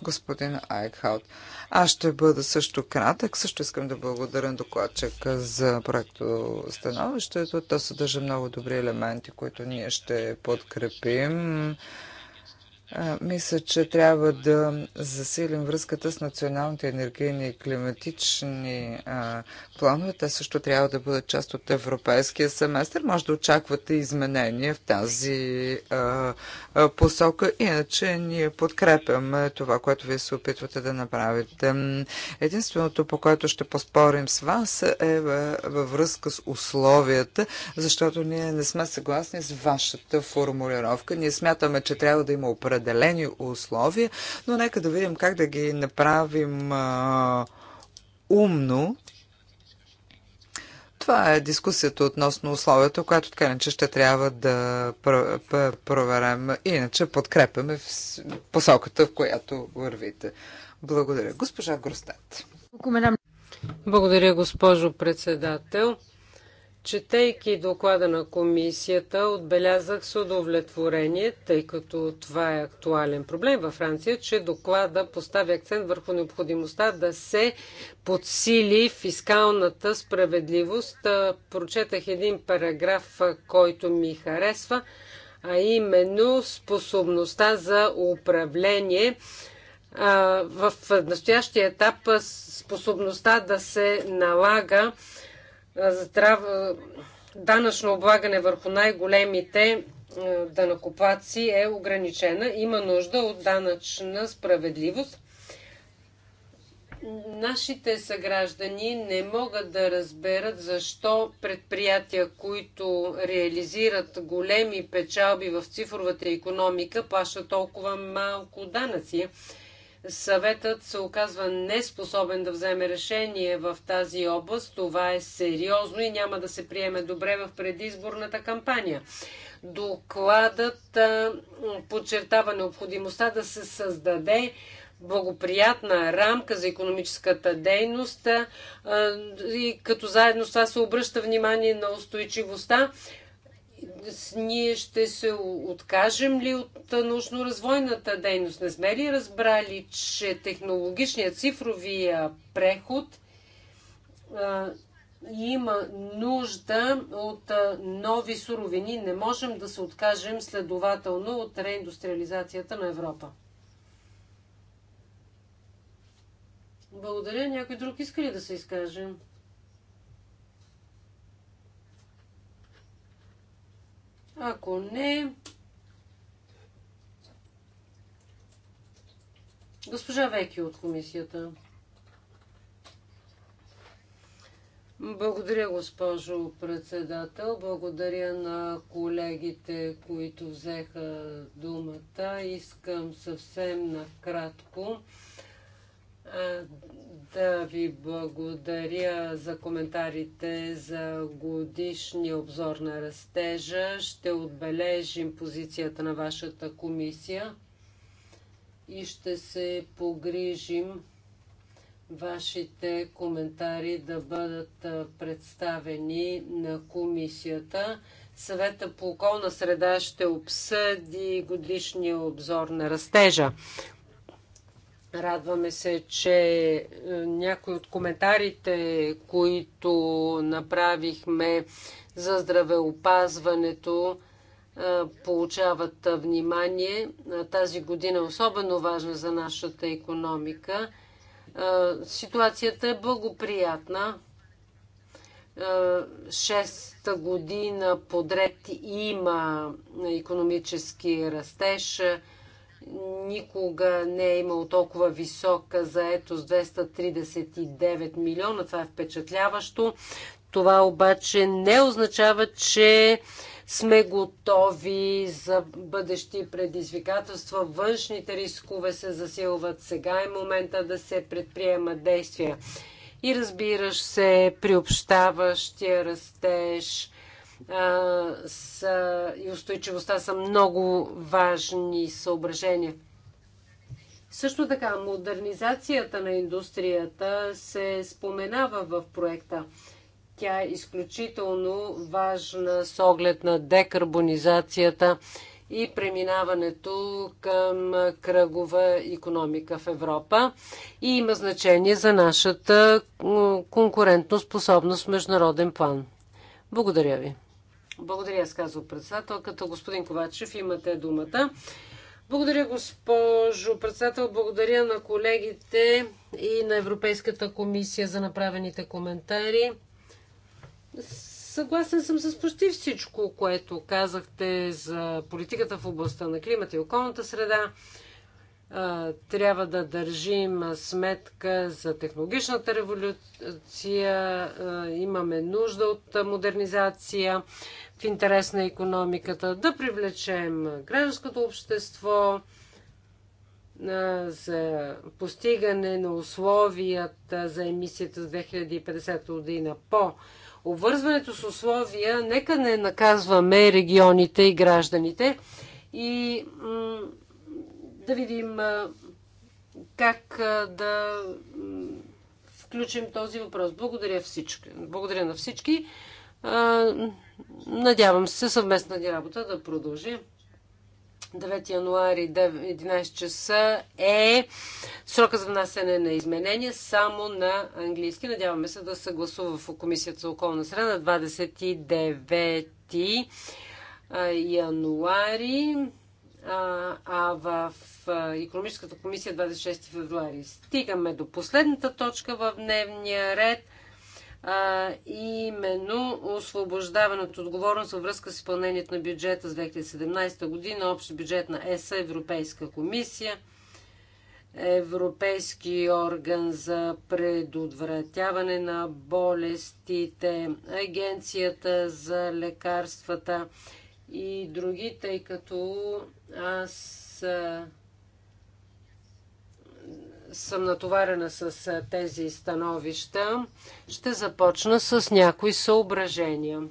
господин Айкхаут. Аз ще бъда също кратък. Също искам да благодаря на докладчика за проекто становището. То съдържа много добри елементи, които ние ще подкрепим. Мисля, че трябва да засилим връзката с националните енергийни и климатични а, планове. Те също трябва да бъдат част от европейския семестър. Може да очаквате изменения в тази а, а, посока. Иначе ние подкрепяме това, което вие се опитвате да направите. Единственото, по което ще поспорим с вас е, е във връзка с условията, защото ние не сме съгласни с вашата формулировка. Ние смятаме, че трябва да има определен определени условия, но нека да видим как да ги направим а, умно. Това е дискусията относно условията, която така иначе ще трябва да проверем. Иначе подкрепяме в посоката, в която вървите. Благодаря. Госпожа Гростат. Благодаря, госпожо председател. Четейки доклада на комисията, отбелязах с удовлетворение, тъй като това е актуален проблем във Франция, че доклада поставя акцент върху необходимостта да се подсили фискалната справедливост. Прочетах един параграф, който ми харесва, а именно способността за управление в настоящия етап способността да се налага здрав... данъчно облагане върху най-големите данакоплаци е ограничена. Има нужда от данъчна справедливост. Нашите съграждани не могат да разберат защо предприятия, които реализират големи печалби в цифровата економика, плащат толкова малко данъци съветът се оказва неспособен да вземе решение в тази област. Това е сериозно и няма да се приеме добре в предизборната кампания. Докладът подчертава необходимостта да се създаде благоприятна рамка за економическата дейност и като заедно с това се обръща внимание на устойчивостта ние ще се откажем ли от научно-развойната дейност? Не сме ли разбрали, че технологичният цифровия преход а, има нужда от а, нови суровини? Не можем да се откажем следователно от реиндустриализацията на Европа. Благодаря. Някой друг иска ли да се изкаже? Ако не... Госпожа Веки от комисията. Благодаря, госпожо председател. Благодаря на колегите, които взеха думата. Искам съвсем накратко да ви благодаря за коментарите за годишния обзор на растежа. Ще отбележим позицията на вашата комисия и ще се погрижим вашите коментари да бъдат представени на комисията. Съвета по околна среда ще обсъди годишния обзор на растежа. Радваме се, че е, някои от коментарите, които направихме за здравеопазването, е, получават внимание. Е, тази година е особено важна за нашата економика. Ситуацията е благоприятна. Шеста година подред има економически растеж – никога не е имал толкова висока заетост 239 милиона. Това е впечатляващо. Това обаче не означава, че сме готови за бъдещи предизвикателства. Външните рискове се засилват. Сега е момента да се предприемат действия. И разбираш се, приобщаващия растеж, са, и устойчивостта са много важни съображения. Също така, модернизацията на индустрията се споменава в проекта. Тя е изключително важна с оглед на декарбонизацията и преминаването към кръгова економика в Европа и има значение за нашата конкурентоспособност в международен план. Благодаря ви. Благодаря, сказва председателката. Господин Ковачев, имате думата. Благодаря, госпожо председател. Благодаря на колегите и на Европейската комисия за направените коментари. Съгласен съм с почти всичко, което казахте за политиката в областта на климата и околната среда трябва да държим сметка за технологичната революция, имаме нужда от модернизация в интерес на економиката, да привлечем гражданското общество за постигане на условията за емисията за 2050 година по обвързването с условия, нека не наказваме регионите и гражданите и да видим как да включим този въпрос. Благодаря, всички. Благодаря на всички. Надявам се съвместна ни работа да продължи. 9 януари 11 часа е срока за внасяне на изменения само на английски. Надяваме се да се гласува в Комисията за околна среда на 29 януари а, а в економическата комисия 26 е февруари. Стигаме до последната точка в дневния ред а, именно освобождаване от отговорност във връзка с изпълнението на бюджета с 2017 година, общ бюджет на ЕС, Европейска комисия, Европейски орган за предотвратяване на болестите, Агенцията за лекарствата, и други, тъй като аз съм натоварена с тези становища, ще започна с някои съображения.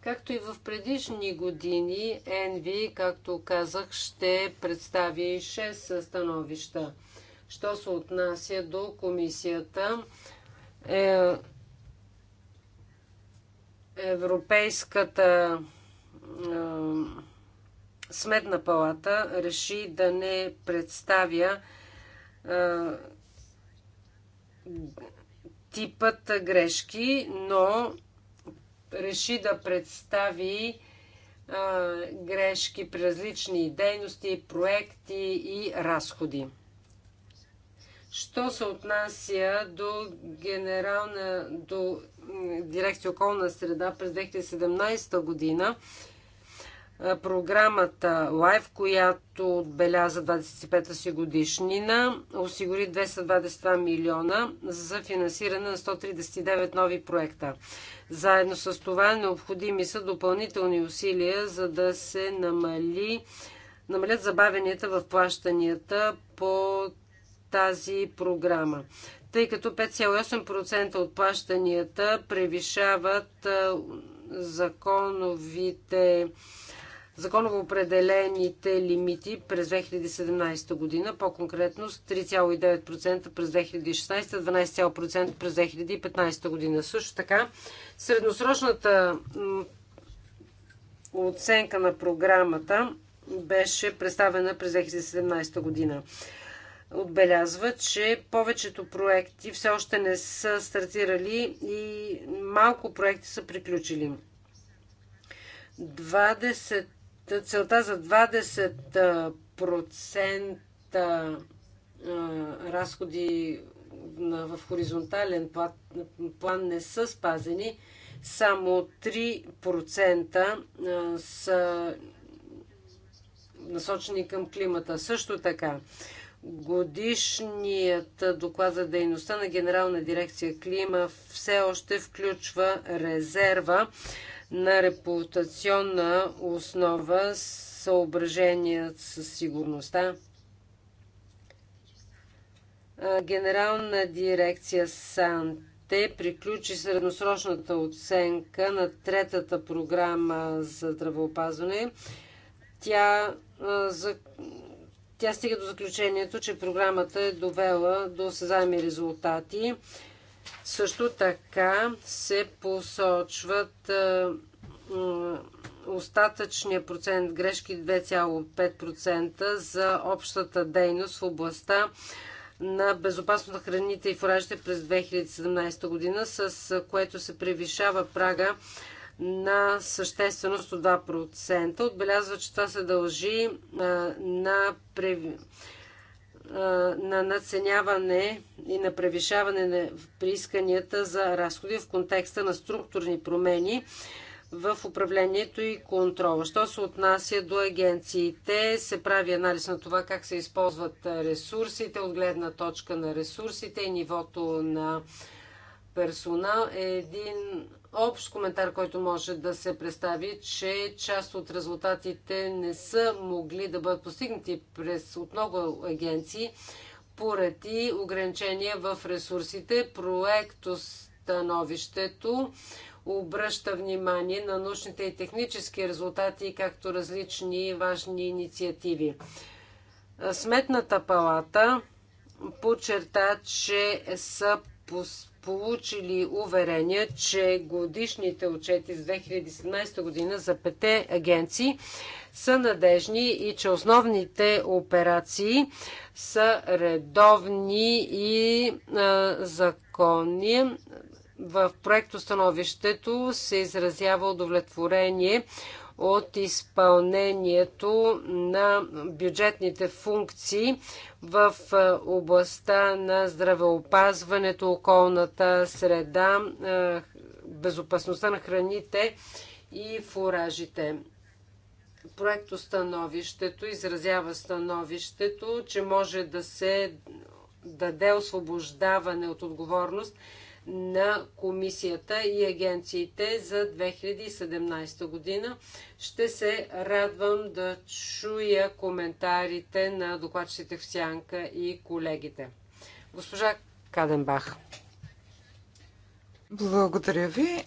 Както и в предишни години, Енви, както казах, ще представи 6 становища. Що се отнася до комисията, е, Европейската Сметна палата реши да не представя типът грешки, но реши да представи грешки при различни дейности, проекти и разходи. Що се отнася до генерална, до дирекция околна среда през 2017 година, Програмата Live, която отбеляза 25-та си годишнина, осигури 222 милиона за финансиране на 139 нови проекта. Заедно с това необходими са допълнителни усилия, за да се намали, намалят забавенията в плащанията по тази програма тъй като 5,8% от плащанията превишават законовите законово определените лимити през 2017 година, по-конкретно с 3,9% през 2016, 12% през 2015 година. Също така, средносрочната оценка на програмата беше представена през 2017 година. Отбелязва, че повечето проекти все още не са стартирали и малко проекти са приключили. 20 целта за 20% разходи в хоризонтален план не са спазени. Само 3% са насочени към климата. Също така, годишният доклад за дейността на Генерална дирекция Клима все още включва резерва на репутационна основа съображения със сигурността. Генерална дирекция САНТЕ приключи средносрочната оценка на третата програма за здравеопазване. Тя, за... Тя стига до заключението, че програмата е довела до съзами резултати. Също така се посочват е, остатъчния процент грешки 2,5% за общата дейност в областта на безопасност на храните и фуражите през 2017 година, с което се превишава прага на същественост от 2%. Отбелязва, че това се дължи е, на на надценяване и на превишаване на приисканията за разходи в контекста на структурни промени в управлението и контрола. Що се отнася до агенциите, се прави анализ на това как се използват ресурсите от гледна точка на ресурсите и нивото на персонал. Един общ коментар, който може да се представи, че част от резултатите не са могли да бъдат постигнати през от много агенции поради ограничения в ресурсите. Проектостановището обръща внимание на научните и технически резултати, както различни важни инициативи. Сметната палата подчерта, че са получили уверения, че годишните отчети за 2017 година за пете агенции са надежни и че основните операции са редовни и а, законни. В проекто становището се изразява удовлетворение от изпълнението на бюджетните функции в областта на здравеопазването, околната среда, безопасността на храните и фуражите. становището изразява становището, че може да се даде освобождаване от отговорност на комисията и агенциите за 2017 година. Ще се радвам да чуя коментарите на докладчите в Сянка и колегите. Госпожа Каденбах. Благодаря ви.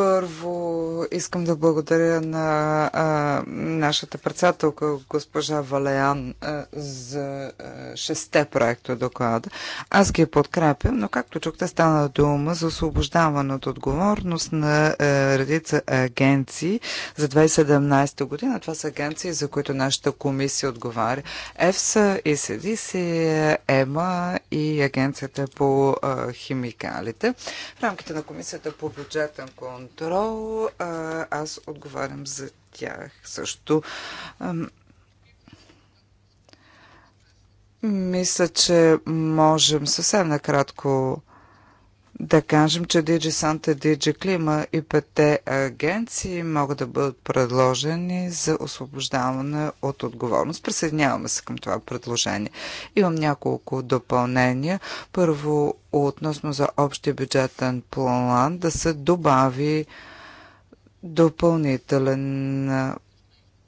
Първо искам да благодаря на а, нашата председателка госпожа Валеян а, за а, шесте проекта доклада. Аз ги подкрепям, но както чухте стана дума за освобождаване от отговорност на а, редица агенции за 2017 година. Това са агенции, за които нашата комисия отговаря. ЕФСА, ИСДС, е е е, ЕМА и Агенцията по а, химикалите. В рамките на комисията по бюджетен контрол контрол. Аз отговарям за тях също. Мисля, че можем съвсем накратко да кажем, че DigiSanta, DigiClima и петте агенции могат да бъдат предложени за освобождаване от отговорност. Присъединяваме се към това предложение. Имам няколко допълнения. Първо, относно за общия бюджетен план да се добави допълнителен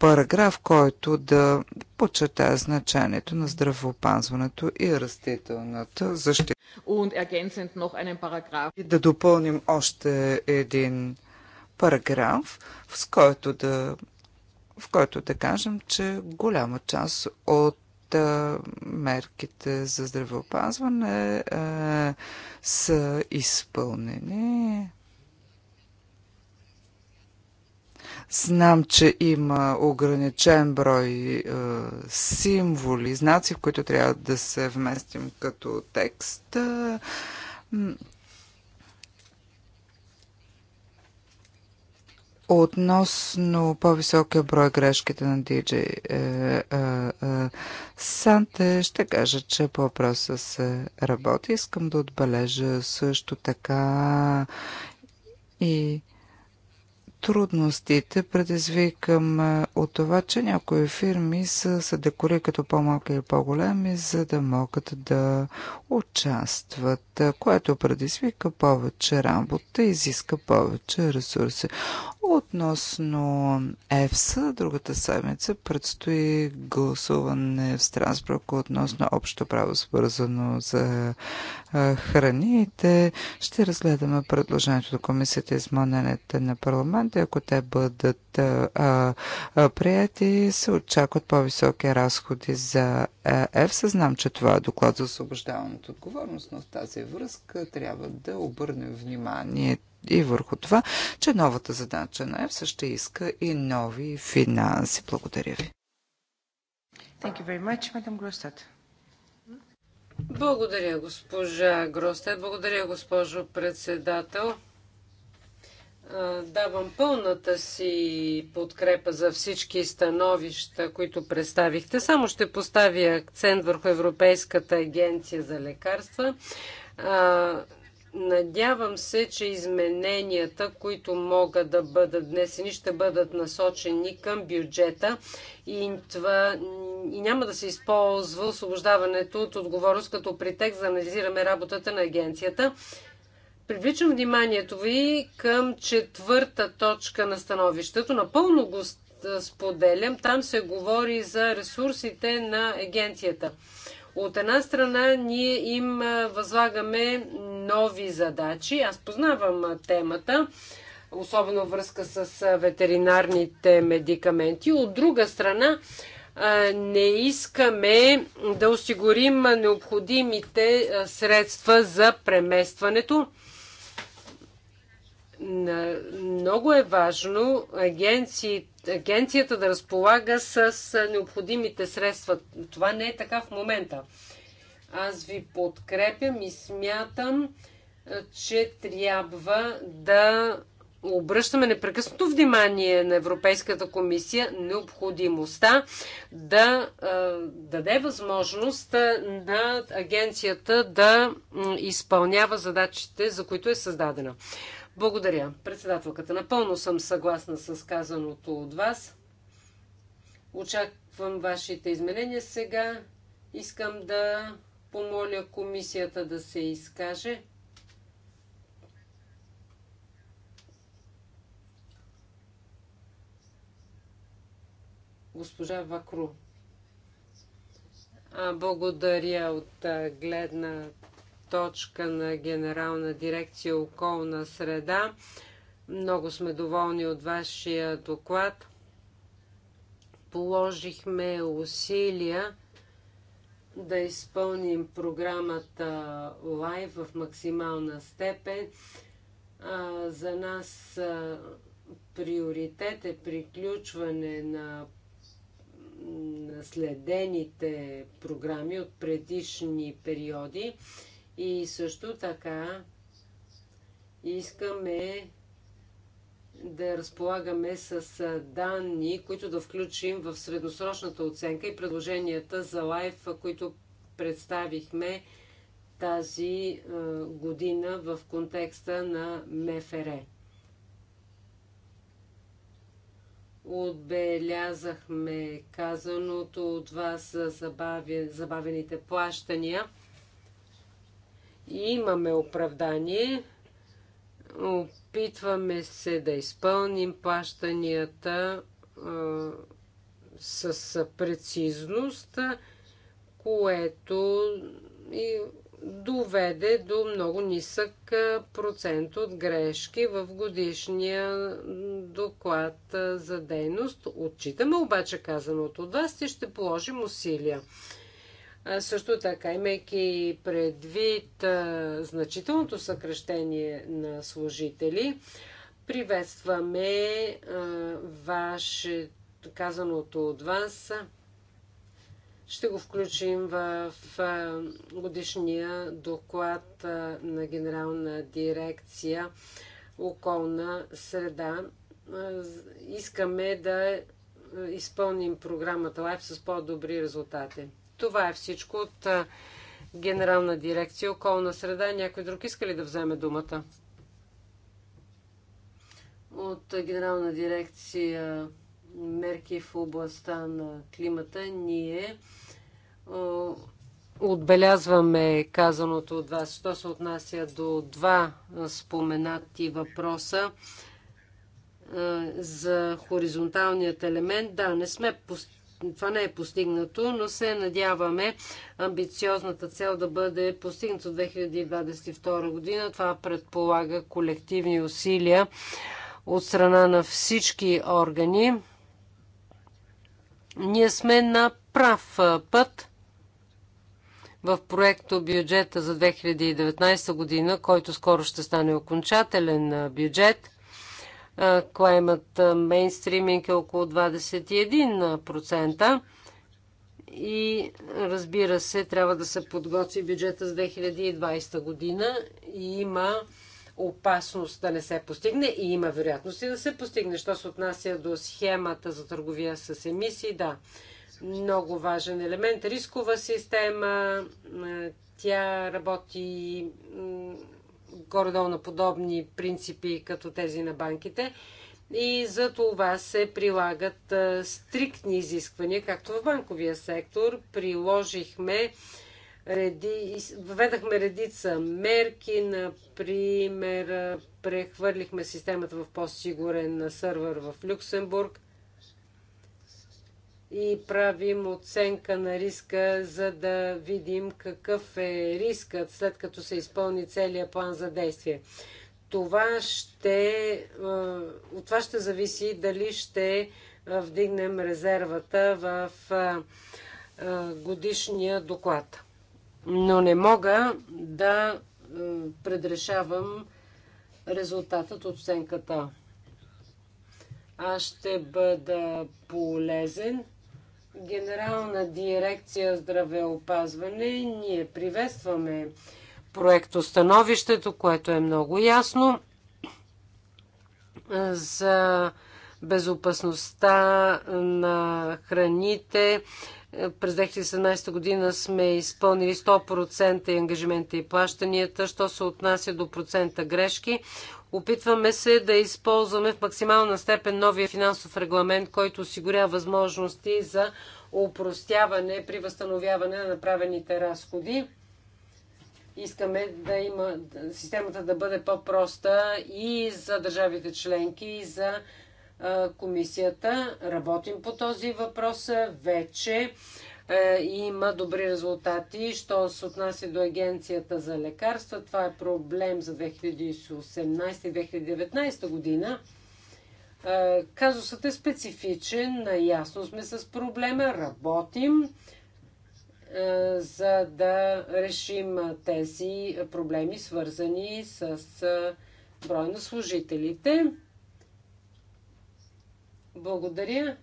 параграф, който да подчертая значението на здравеопазването и растителната защита. И да допълним още един параграф, с който да, в който да кажем, че голяма част от мерките за здравеопазване е, са изпълнени Знам, че има ограничен брой е, символи, знаци, в които трябва да се вместим като текст. Е, относно по-високия брой грешките на DJ е, е, е, Санте, ще кажа, че по въпроса се работи. Искам да отбележа също така и трудностите предизвикам от това, че някои фирми са се декори като по-малки или по-големи, за да могат да участват, което предизвика повече работа, изиска повече ресурси. Относно ЕФСА, другата седмица предстои гласуване в Страсбург относно общо право, свързано за храните. Ще разгледаме предложението на комисията измененията на парламент документи, ако те бъдат а, а, прияти, се очакват по-високи разходи за ЕФСА. Знам, че това е доклад за освобождаването от отговорност, но в тази връзка трябва да обърнем внимание и върху това, че новата задача на ЕФСА ще иска и нови финанси. Благодаря ви. Thank you very much, Madam Благодаря, госпожа Гростет. Благодаря, госпожо председател давам пълната си подкрепа за всички становища, които представихте. Само ще поставя акцент върху Европейската агенция за лекарства. Надявам се, че измененията, които могат да бъдат днесени, ще бъдат насочени към бюджета и, това, и няма да се използва освобождаването от отговорност като притек за да анализираме работата на агенцията. Привличам вниманието ви към четвърта точка на становището. Напълно го споделям. Там се говори за ресурсите на агенцията. От една страна ние им възлагаме нови задачи. Аз познавам темата, особено връзка с ветеринарните медикаменти. От друга страна не искаме да осигурим необходимите средства за преместването много е важно агенцията да разполага с необходимите средства. Това не е така в момента. Аз ви подкрепям и смятам, че трябва да обръщаме непрекъснато внимание на Европейската комисия необходимостта да даде възможност на агенцията да изпълнява задачите, за които е създадена. Благодаря, председателката. Напълно съм съгласна с казаното от вас. Очаквам вашите изменения. Сега искам да помоля комисията да се изкаже. Госпожа Вакру. Благодаря от гледна точка на Генерална дирекция околна среда. Много сме доволни от вашия доклад. Положихме усилия да изпълним програмата лайв в максимална степен. за нас приоритет е приключване на следените програми от предишни периоди и също така искаме да разполагаме с данни, които да включим в средносрочната оценка и предложенията за лайф, които представихме тази година в контекста на МФР. Отбелязахме казаното от вас за забавените плащания – имаме оправдание, опитваме се да изпълним плащанията а, с прецизност, което и доведе до много нисък процент от грешки в годишния доклад за дейност. Отчитаме обаче казаното от вас и ще положим усилия. Също така, имайки предвид значителното съкръщение на служители, приветстваме ваше казаното от вас. Ще го включим в годишния доклад на Генерална дирекция околна среда. Искаме да изпълним програмата ЛАЙФ с по-добри резултати. Това е всичко от Генерална дирекция околна среда. Някой друг иска ли да вземе думата? От Генерална дирекция мерки в областта на климата ние отбелязваме казаното от вас. Що се отнася до два споменати въпроса за хоризонталният елемент, да, не сме това не е постигнато, но се надяваме амбициозната цел да бъде постигната от 2022 година. Това предполага колективни усилия от страна на всички органи. Ние сме на прав път в проекто бюджета за 2019 година, който скоро ще стане окончателен бюджет клеймът мейнстриминг е около 21%. И разбира се, трябва да се подготви бюджета с 2020 година и има опасност да не се постигне и има вероятност и да се постигне. Що се отнася до схемата за търговия с емисии, да, много важен елемент. Рискова система, тя работи горе-долу на подобни принципи, като тези на банките. И за това се прилагат а, стриктни изисквания, както в банковия сектор. Приложихме реди, редица мерки, например, прехвърлихме системата в по-сигурен сървър в Люксембург – и правим оценка на риска, за да видим какъв е рискът, след като се изпълни целият план за действие. Това ще, от това ще зависи дали ще вдигнем резервата в годишния доклад. Но не мога да предрешавам резултатът от оценката. Аз ще бъда полезен Генерална дирекция здравеопазване ние приветстваме проектостановището, което е много ясно за безопасността на храните. През 2017 година сме изпълнили 100% и ангажимента и плащанията. Що се отнася до процента грешки, Опитваме се да използваме в максимална степен новия финансов регламент, който осигурява възможности за упростяване при възстановяване на направените разходи. Искаме да има системата да бъде по-проста и за държавите членки, и за комисията. Работим по този въпрос вече. И е, има добри резултати. Що се отнася до Агенцията за лекарства, това е проблем за 2018-2019 година. Е, казусът е специфичен, наясно сме с проблема, работим е, за да решим тези проблеми, свързани с брой на служителите. Благодаря.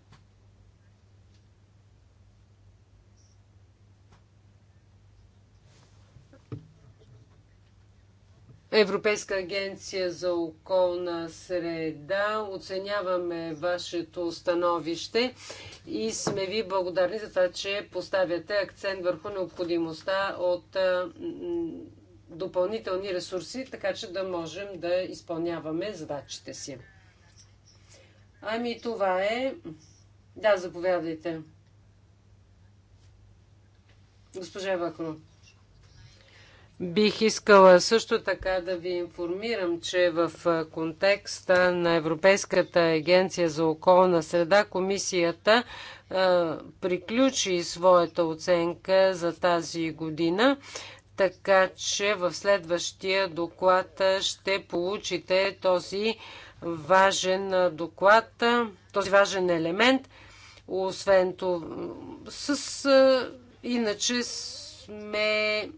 Европейска агенция за околна среда. Оценяваме вашето становище и сме ви благодарни за това, че поставяте акцент върху необходимостта от допълнителни ресурси, така че да можем да изпълняваме задачите си. Ами това е. Да, заповядайте. Госпожа Вакно. Бих искала също така да ви информирам, че в контекста на Европейската агенция за околна среда комисията а, приключи своята оценка за тази година, така че в следващия доклад ще получите този важен доклад, този важен елемент. Освен това, с, а, иначе сме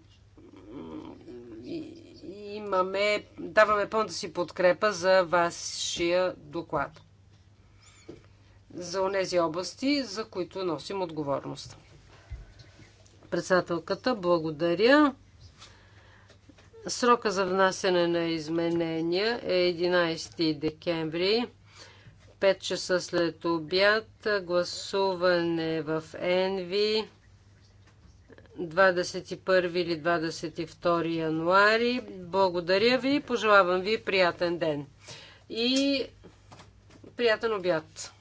имаме, даваме пълната си подкрепа за вашия доклад. За онези области, за които носим отговорност. Председателката, благодаря. Срока за внасяне на изменения е 11 декември. 5 часа след обяд гласуване в Енви. 21 или 22 януари. Благодаря ви, пожелавам ви приятен ден и приятен обяд.